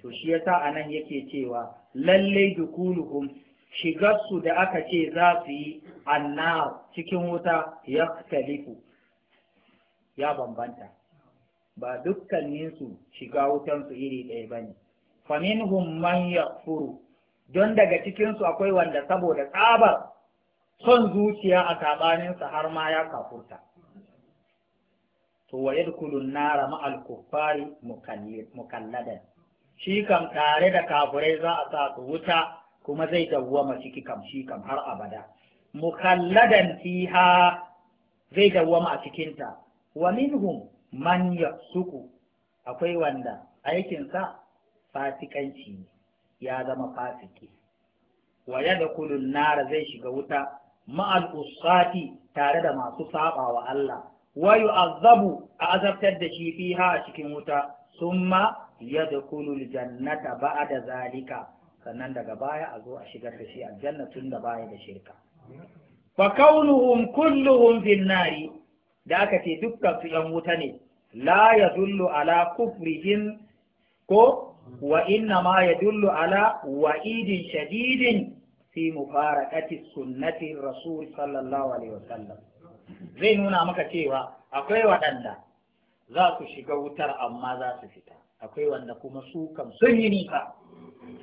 to shi yasa anan yake cewa lallai dukuluhum shigarsu da aka ce za su yi anna cikin wuta ya ya bambanta ba dukkaninsu shiga wutansu iri ɗaya ba ne faminhum man furu. don daga cikinsu akwai wanda saboda tsabar son zuciya a saɓaninsa har ma ya kafurta to wa yadkhulun nara ma'al kuffari mukalladan shi kam tare da kafirai za a sa su wuta kuma zai dawwama ciki kam shi kam har abada mukalladan fiha zai dawwama a cikinta wa minhum man yasuku akwai wanda aikin sa fasikanci ne ya zama fasiki wa yadkhulun nara zai shiga wuta ma'al usati tare da masu sabawa Allah wayu azabu a azabtar da shi fiha a cikin wuta summa yadkhulu ba ba'da zalika sannan daga baya a zo a shigar da shi aljanna tun da baya da shirka fa kaunuhum kulluhum fin nari da aka ce dukkan su yan wuta ne la yadullu ala kufrihim ko wa inna ma yadullu ala wa'idin shadidin fi mufaraqati sunnati rasul sallallahu alaihi wasallam zai nuna maka cewa akwai waɗanda za su shiga wutar amma za su fita akwai wanda kuma su kan sun yi nisa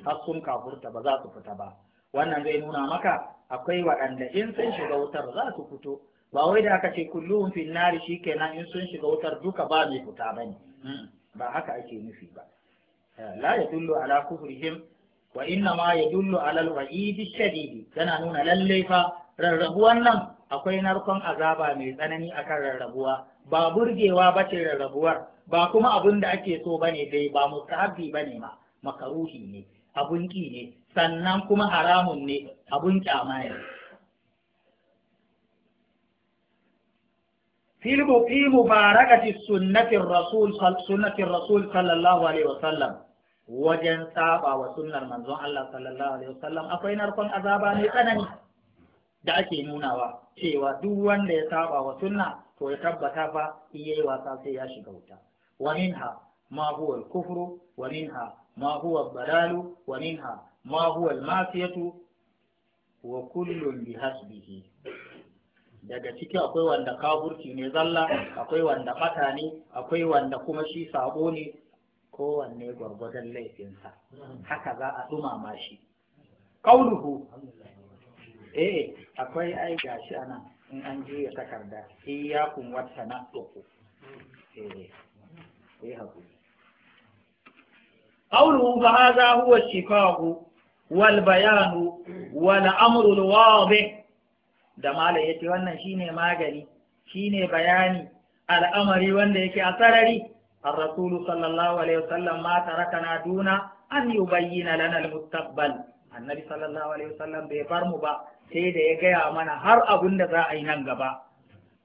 har sun kafurta ba za su fita ba wannan zai nuna maka akwai waɗanda in sun shiga wutar za su fito ba wai da aka ce kullum finnari shi kenan in sun shiga wutar duka ba mai fita ba ne hmm, ba haka ake nufi ba la ya dullo ala kufrihim wa inna ma ya dullo ala al-wa'idi shadidi yana nuna lalle fa rarrabuwan nan akwai narkon azaba mai tsanani a kan rarrabuwa ba burgewa ba ce rarrabuwar ba kuma abin da ake so ba ne dai ba mustahabi ba ne ma makaruhi ne abun ki ne sannan kuma haramun ne abun kyama ne filmu fi mu ba ragaci sunnatin rasul sallallahu alaihi wasallam wajen saba wa sunnar manzon Allah sallallahu alaihi wasallam akwai narkon azaba mai tsanani da ake nunawa cewa duk wanda ya saba wa sunna to ya tabbata fa yi wasa sai ya shiga wuta wa minha ma huwa al-kufru wa minha ma huwa al-balalu wa minha ma huwa al-masiyatu wa kullun hasbihi daga ciki akwai wanda kafurci ne zalla akwai wanda bata ne akwai wanda kuma shi sabo ne kowanne gwargwadon laifinsa haka za a dumama shi qauluhu eh akwai ai gashi anan in an juya takarda wata na uku eh eh hakuri shifahu wal bayanu wal amru al الواضح da malam yace wannan shine magani shine bayani al'amari wanda yake a sarari الرسول صلى الله عليه وسلم ما تركنا دون أن يبين لنا المستقبل النبي صلى الله عليه وسلم bai bar mu ba sai da ya gaya mana har abun da za a yi nan gaba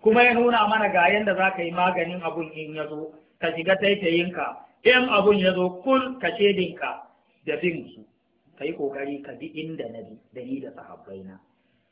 kuma ya nuna mana ga yanda za ka yi maganin abun in ya zo ka shiga taitayinka in abun ya zo kul ka shedinka da bin su ka yi kokari ka bi inda na bi da ni da sahabbaina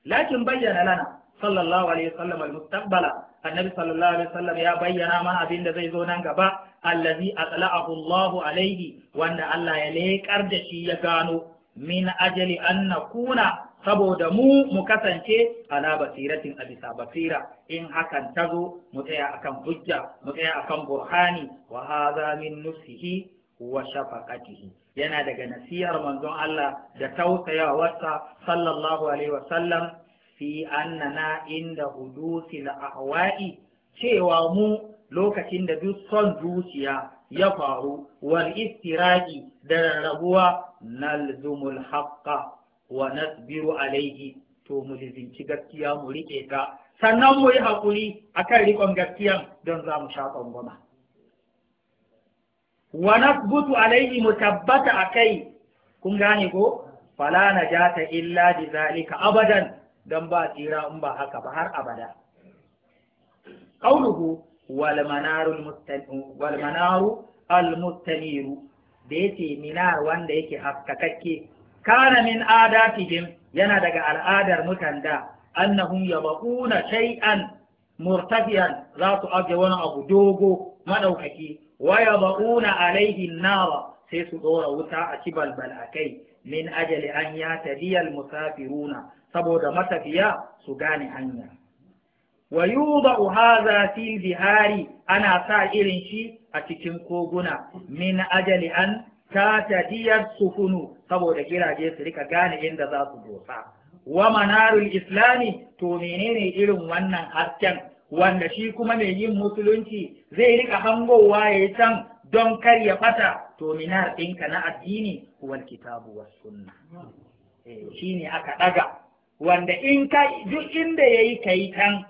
lakin bayyana lana sallallahu alaihi wasallam al annabi sallallahu alaihi wasallam ya bayyana mana abin da zai zo nan gaba allazi atla'ahu Allahu alaihi wanda Allah ya lekar da shi ya gano min ajali an nakuna saboda mu mu kasance ala basiratin a bisa basira in hakan ta zo mu tsaya akan hujja mu tsaya akan burhani wa hadha min nusihi wa shafaqatihi yana daga nasiyar manzon Allah da tausayawarsa sallallahu alaihi wa sallam fi annana inda hudusil ahwa'i cewa mu lokacin da duk son zuciya ya faru wal istiraki da rarrabuwa nalzumul haqqa wa nasbiru alaihi to mu lizinci gaskiya mu rike ta sannan mu yi hakuri akan rikon gaskiya don za mu sha tsangwama wa nasbutu alaihi mu tabbata akai kun gane ko fala najata illa bi zalika abadan don ba tsira in ba haka ba har abada qauluhu wal manaru al mustaniru da yace minar wanda yake haskakakke kana min adatihim yana daga al'adar mutanda annahum yabquna shay'an murtafiyan za su aje wani abu dogo madaukaki wa yabquna alaihi nara sai su dora wuta a kibal balakai min ajali an ya tadiyal musafiruna saboda matafiya su gane hanya wa yudau hadha fi bihari ana sa irin shi a cikin koguna min ajali an ta tadiyar sukunu saboda girage su rika gane inda za su dosa wa manarul islami to menene irin wannan hasken wanda shi kuma mai yin musulunci zai rika hangowa ya can don kar ya fata to minar ɗinka na addini wal kitabu wa sunna eh, shi ne aka ɗaga wanda in ka duk inda ya yi ka can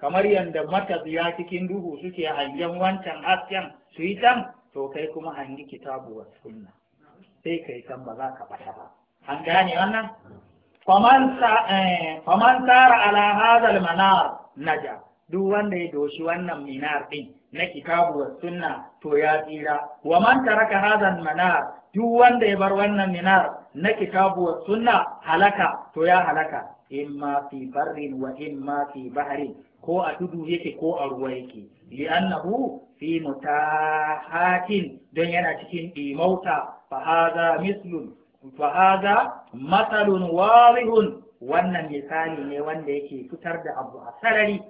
kamar yadda matafiya cikin duhu suke hangen wancan hasken su yi can to kai kuma hangi kitabu wa sunna sai kai san ba za ka bata ba an gane wannan faman eh, tsara ala hadal manar naja duk wanda ya doshi wannan minar din na kitabu wa sunna to ya tsira wa man taraka hadal manar duk wanda ya bar wannan minar na kitabu wa sunna halaka to ya halaka imma fi barrin wa imma fi bahrin ko a tudu yake ko a ruwa yake li'annahu fi mutahatin don yana cikin imauta fa haza mislun fa haza matalun warihun wannan misali ne wanda yake fitar da abu a sarari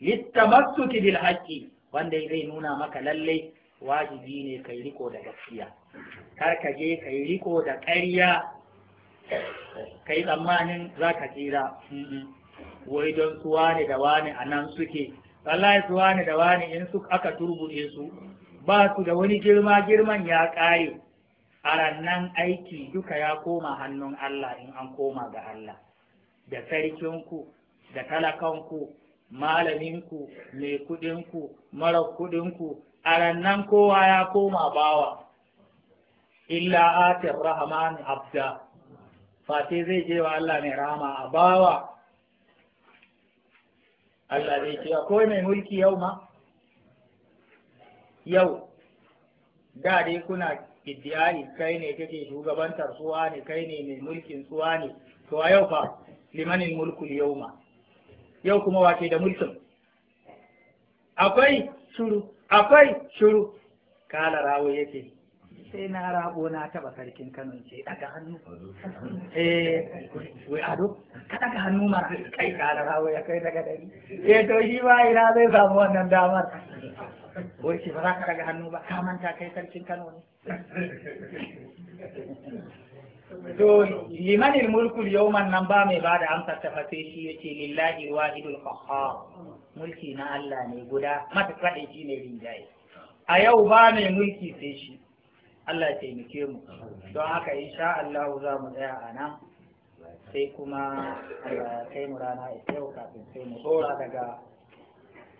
littamassuki bil haqqi wanda zai nuna maka lallai wajibi ne kai riko da gaskiya kar ka je kai riko da ƙarya kai tsammanin za ka tsira wai don su wane da wane a nan suke wallahi su wani da wani in su aka turbuɗe su ba su da wani girma girman ya ƙaye. a rannan aiki duka ya koma hannun Allah in an koma ga Allah da sarkinku da talakanku malaminku mai kuɗinku mara kuɗinku a rannan kowa ya koma bawa illa atir rahman abda fate zai je wa Allah mai rahama a bawa Allah zai ce akwai mai mulki yau ma yau da dai kuna iddiyayi kai ne kake shugabantar suwa ne kai ne mai mulkin suwa ne to a yau fa limanin mulkul yau ma yau kuma wace da mulkin akwai shuru akwai shuru kala rawo yake sai na rabo na taba sarkin Kano ce daga hannu eh wai ado ka daga hannu ma kai ka rawo ya kai daga dari eh to shi ba ina zai samu wannan damar wai shi fara za ka daga hannu ba ka manta kai sarkin Kano ne to liman mulku yawman nan ba mai bada amsa ta fate shi yace lillahi wahidul qahhar mulki na Allah ne guda mata kadai ne rinjaye a yau ba mai mulki sai shi Allah ya taimake mu don haka insha Allah za mu tsaya a nan sai kuma Allah kai mu rana tsaye kafin sai mu tsora daga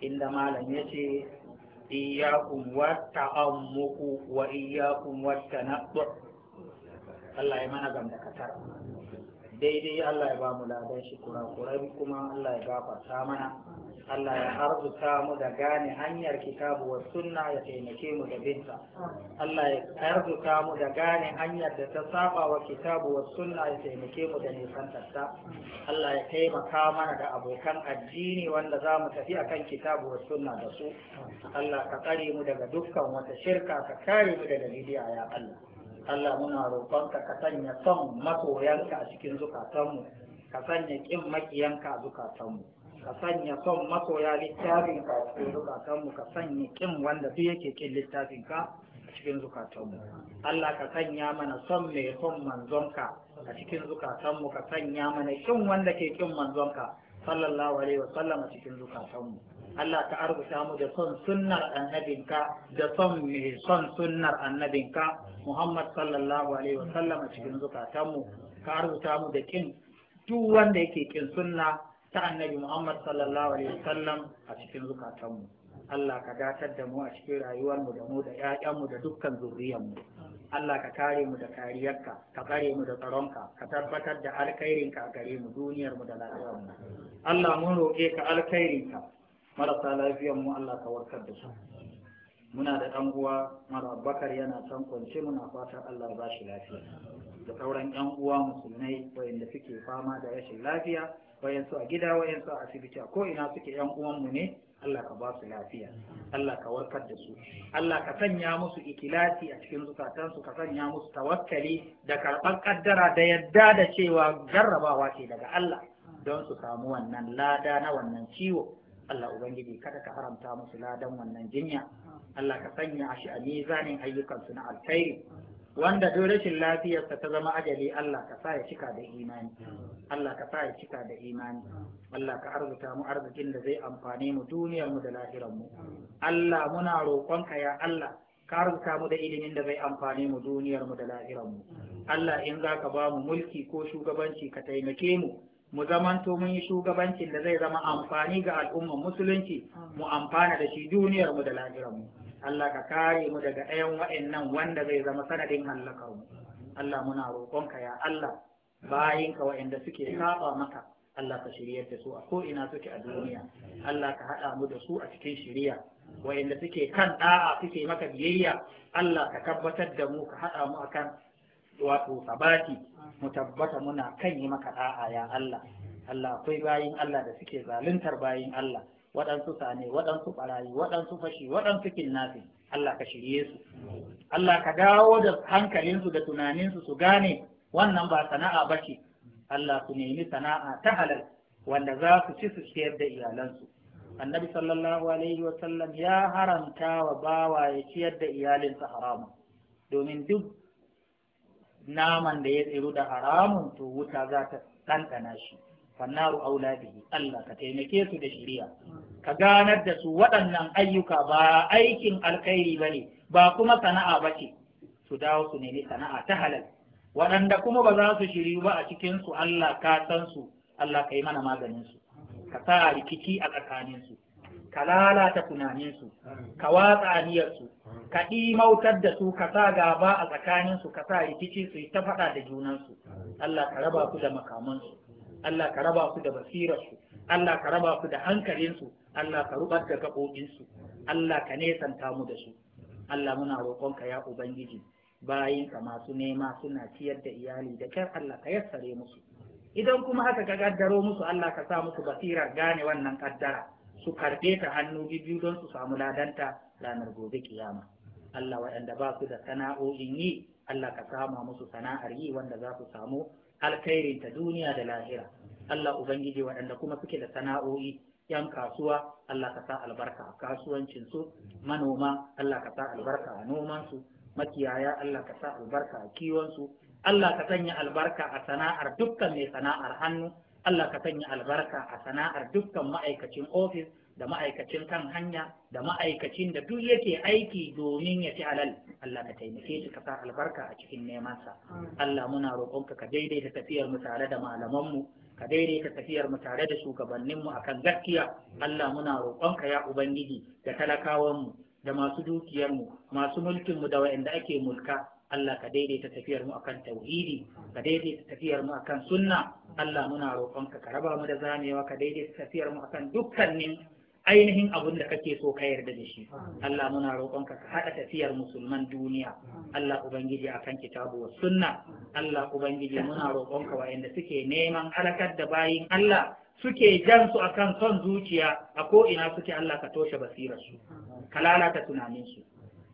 inda malam ya ce iyakun wata muku wa iyakun wata naɗu Allah ya mana gam da katar daidai Allah ya ba mu ladan shi kura kurakurai kuma Allah ya gafarta mana Allah ya ka mu da gane hanyar kitabu wa sunna ya taimake mu da binta Allah ya ka mu da gane hanyar da ta saba wa kitabu wa sunna ya taimake mu da nisan tatta Allah ya taimaka mana da abokan addini wanda za mu tafi akan kitabu wa sunna da su Allah ka tsare mu daga dukkan wata shirka ka kare mu daga bidiya ya Allah Allah muna roƙonka ka sanya son masoyanka a cikin zukatanmu ka sanya ƙin makiyanka a zukatanmu ka sanya son masoya littafin ka cikin zukatanmu ka sanya kin wanda duk yake kin littafin ka cikin zukatanmu Allah ka sanya mana son mai son manzonka a cikin zukatanmu ka sanya mana kin wanda ke kin manzonka sallallahu alaihi wa sallam a cikin zukatanmu Allah ta arbuta mu da son sunnar annabinka da son mai son sunnar annabinka Muhammad sallallahu alaihi wa sallam a cikin zukatanmu ka arbuta mu da kin duk wanda yake kin sunna ta annabi Muhammad sallallahu alaihi wasallam a cikin zukatanmu Allah ka datar da mu a cikin rayuwarmu da mu da 'ya'yanmu da dukkan zuriyarmu Allah ka kare mu da kariyarka ka kare mu da tsaronka ka tabbatar da alkhairinka a gare mu duniyarmu da lafiyarmu Allah mun roƙe ka alkhairinka marasa lafiyarmu Allah ka warkar da su muna da ɗan uwa mara bakar yana can kwance muna fatan Allah ba shi lafiya da sauran 'yan uwa musulmai wayanda suke fama da rashin lafiya wayansu a gida wayansu a asibiti ko ina suke yan uwanmu ne Allah ka ba su lafiya Allah ka warkar da su Allah ka sanya musu ikilasi a cikin zukatansu ka sanya musu tawakkali da karɓar kaddara da yadda da cewa jarrabawa ce daga Allah don su samu wannan lada na wannan ciwo Allah Ubangiji kada ka haramta musu ladan wannan jinya Allah ka sanya shi a mizanin ayyukansu na alkhairi wanda duk rashin lafiyarsa ta zama ajali Allah ka sa ya cika da imani Allah ka sa ya cika da imani Allah ka arzuta mu arzikin da zai amfane mu duniyar mu da lahirar mu Allah muna ka ya Allah ka arzuta mu da ilimin da zai amfane mu duniyar mu da lahirar mu Allah in za ka ba mu mulki ko shugabanci ka taimake mu mu zamanto mun yi shugabancin da zai zama amfani ga al'ummar musulunci mu amfana da shi duniyar mu da lahirar mu Allah ka kare mu daga ɗayan wa'annan wanda zai zama sanadin hallakar mu Allah muna roƙonka ya Allah bayinka wa'anda suke saba maka Allah ka shiryar da su a ko ina suke a duniya Allah ka haɗa mu da su a cikin shiriya wa'anda suke kan ɗa'a suke maka biyayya Allah ka tabbatar da mu ka haɗa mu akan wato sabati mu tabbata muna kan yi maka ɗa'a ya Allah Allah akwai bayin Allah da suke zaluntar bayin Allah waɗansu sane waɗansu ɓarayi waɗansu fashi waɗansu kinnafi Allah ka shirye su Allah ka dawo da hankalinsu da tunaninsu su gane wannan ba sana'a ba ce Allah su nemi sana'a ta halal wanda za su ci su ciyar da iyalansu annabi sallallahu alaihi wa sallam ya haramta wa bawa ya ciyar da iyalinsa haramun domin duk naman da ya tsiru da haramun to wuta za ta ɗanɗana shi fannaru auladihi Allah ka taimake su da shiriya ka ganar da su waɗannan ayyuka ba aikin alkhairi ne. ba kuma sana'a ce. su dawo su nemi sana'a ta halal waɗanda kuma ba za su shiryu ba a cikin Allah ka san su Allah ka yi mana maganin su ka sa rikici a tsakanin su ka lalata tunanin su ka watsa aniyar su ka ɗimautar da su ka sa gaba a tsakanin su ka sa rikici su yi ta faɗa da junan su Allah ka raba ku da makaman su Allah ka raba su da basirarsu Allah ka raba su da hankalinsu Allah ka rubar da gaɓoɓinsu Allah ka nesanta mu da su Allah muna roƙonka ya Ubangiji bayinka masu nema suna ciyar da iyali da kyar Allah ka yassare musu idan kuma haka ka kaddaro musu Allah ka sa musu basirar, gane wannan kaddara su karɓe ta hannu biyu don su samu ladanta ranar gobe kiyama Allah waɗanda ba su da sana'o'in yi Allah ka sama musu sana'ar yi wanda za su samu alkhairi ta duniya da lahira Allah ubangiji waɗanda kuma suke da sana'o'i yan kasuwa Allah ka sa albarka a kasuwancin su manoma Allah ka sa albarka a noman su makiyaya Allah ka sa albarka a kiwon su Allah ka sanya albarka a sana'ar dukkan mai sana'ar hannu Allah ka sanya albarka a sana'ar dukkan ma'aikacin ofis da ma'aikacin kan hanya da ma'aikacin da duk yake aiki domin ya ci halal Allah ka taimake shi ka sa albarka a cikin nemansa Allah muna roƙonka ka daidaita tafiyar mu tare da malaman mu ka daidaita tafiyar mu tare da shugabannin mu akan gaskiya Allah muna roƙonka ya ubangiji da talakawan mu da masu dukiyar mu masu mulkin mu da waɗanda ake mulka Allah ka daidaita tafiyar mu akan tauhidi ka daidaita tafiyar mu akan sunna Allah muna roƙonka ka raba mu da zamewa ka daidaita tafiyar mu akan dukkanin ainihin abin da kake so ka yarda da shi Allah muna roƙonka ka haɗa tafiyar musulman duniya Allah ubangiji akan kitabu wa sunna Allah ubangiji muna roƙonka wa'anda suke neman halakar da bayin Allah suke jan su akan son zuciya a ko ina suke Allah ka toshe basirar su ka lalata tunanin su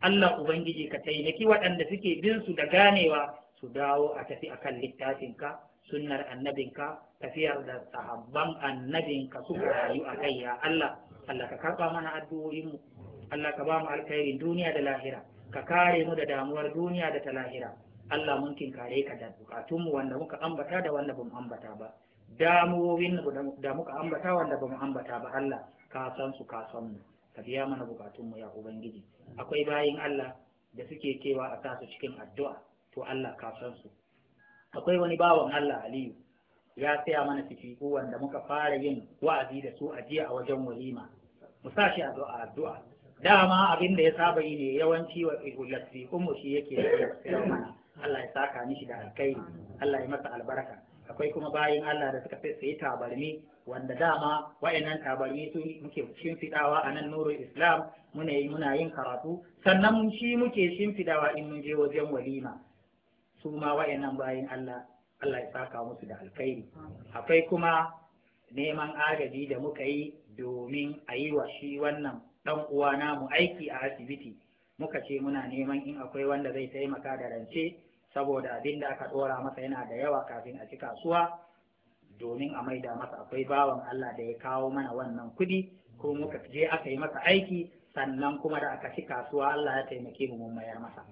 Allah ubangiji ka taimaki waɗanda suke bin su da ganewa su dawo a tafi akan littafinka sunnar annabinka tafiyar da sahabban annabinka suka rayu a kai ya Allah Allah ka karɓa mana addu'o'inmu Allah ka ba mu alkhairin duniya da lahira ka kare mu da damuwar duniya da ta lahira Allah mun kare ka da bukatunmu wanda muka ambata da wanda bamu ambata ba damuwowin da muka ambata wanda bamu ambata ba Allah ka san su ka san mu ka biya mana bukatunmu ya ubangiji akwai bayin Allah da suke cewa a sa su cikin addu'a to Allah ka san su akwai wani bawan Allah Aliyu ya saya mana fifiku wanda muka fara yin wa'azi da su a jiya a wajen walima mu sa shi a addu'a dama abin da ya saba yi ne yawanci wa fifikun mu shi yake da mana Allah ya saka mishi da alkhairi Allah ya masa albarka akwai kuma bayin Allah da suka sai tabarmi wanda dama wa'annan tabarmi su muke shimfidawa a nan nuru islam muna yi muna yin karatu sannan shi muke shimfidawa in mun je wajen walima su ma wa'annan bayin Allah Allah ya saka musu da alkhairi akwai kuma neman agaji da muka yi domin a yi wa shi wannan ɗan uwa namu aiki a asibiti muka ce muna neman in akwai wanda zai taimaka da rance saboda abin da aka ɗora masa yana da yawa kafin a ci kasuwa domin a maida masa akwai bawan Allah da ya kawo mana wannan kuɗi ko muka je aka yi masa aiki sannan kuma da aka ci kasuwa Allah ya taimake mu mun mayar masa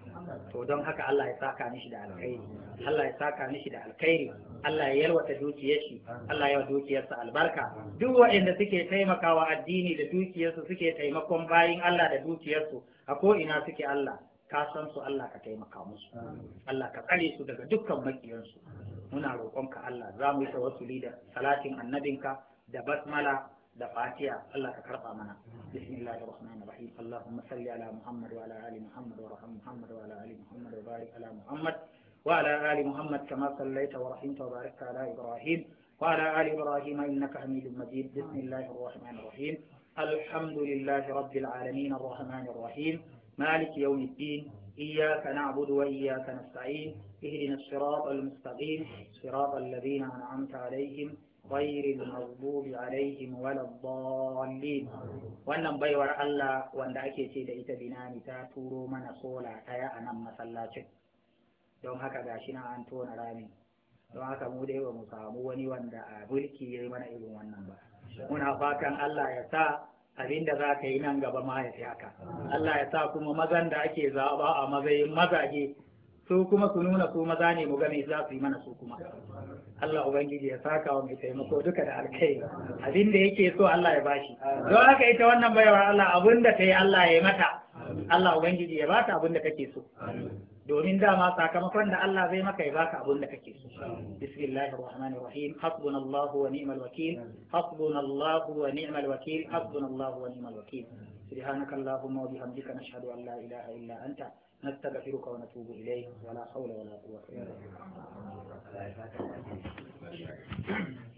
to don haka Allah ya saka shi da alkhairi Allah ya saka shi da alkhairi Allah ya yalwata dukiyar shi Allah ya sa albarka duk waɗanda suke taimakawa addini da dukiyarsu suke taimakon bayin Allah da dukiyarsu a ko ina suke Allah ka san su Allah ka taimaka musu Allah ka tsare su daga dukkan su muna roƙonka Allah za mu yi tawassuli da salatin annabinka da basmala دفاتيا الله Allah ka بسم الله الرحمن الرحيم اللهم صل على محمد وعلى آل محمد ورحم محمد وعلى آل محمد وبارك على محمد وعلى آل محمد كما صليت ورحمت وباركت على إبراهيم وعلى آل إبراهيم إنك حميد مجيد بسم الله الرحمن الرحيم الحمد لله رب العالمين الرحمن الرحيم مالك يوم الدين إياك نعبد وإياك نستعين اهدنا الصراط المستقيم صراط الذين أنعمت عليهم غير المغضوب عليهم ولا الضالين wannan baiwar Allah wanda ake ce da ita binani ta turo mana sola ɗaya a nan masallacin don haka gashi na an tona rami don haka mu dai ba mu samu wani wanda a mulki yayi mana irin wannan ba muna fatan Allah ya sa abin da za ka yi nan gaba ma ya haka Allah ya sa kuma mazan da ake zaba a mazayin mazaje su kuma su nuna su maza ne mu ga me za su yi mana su kuma Allah Ubangiji ya saka wa mai taimako duka da alkai abin da yake so Allah ya bashi don haka ita wannan bayawar Allah abin da ta yi Allah ya mata Allah Ubangiji ya bata abin da kake so domin dama sakamakon da Allah zai maka ya baka abin da kake so bismillahir rahmanir rahim hasbunallahu wa ni'mal wakeel hasbunallahu wa ni'mal wakeel hasbunallahu wa ni'mal wakeel subhanakallahumma wa bihamdika nashhadu an la ilaha illa anta نستغفرك ونتوب إليك ولا حول ولا قوة إلا بالله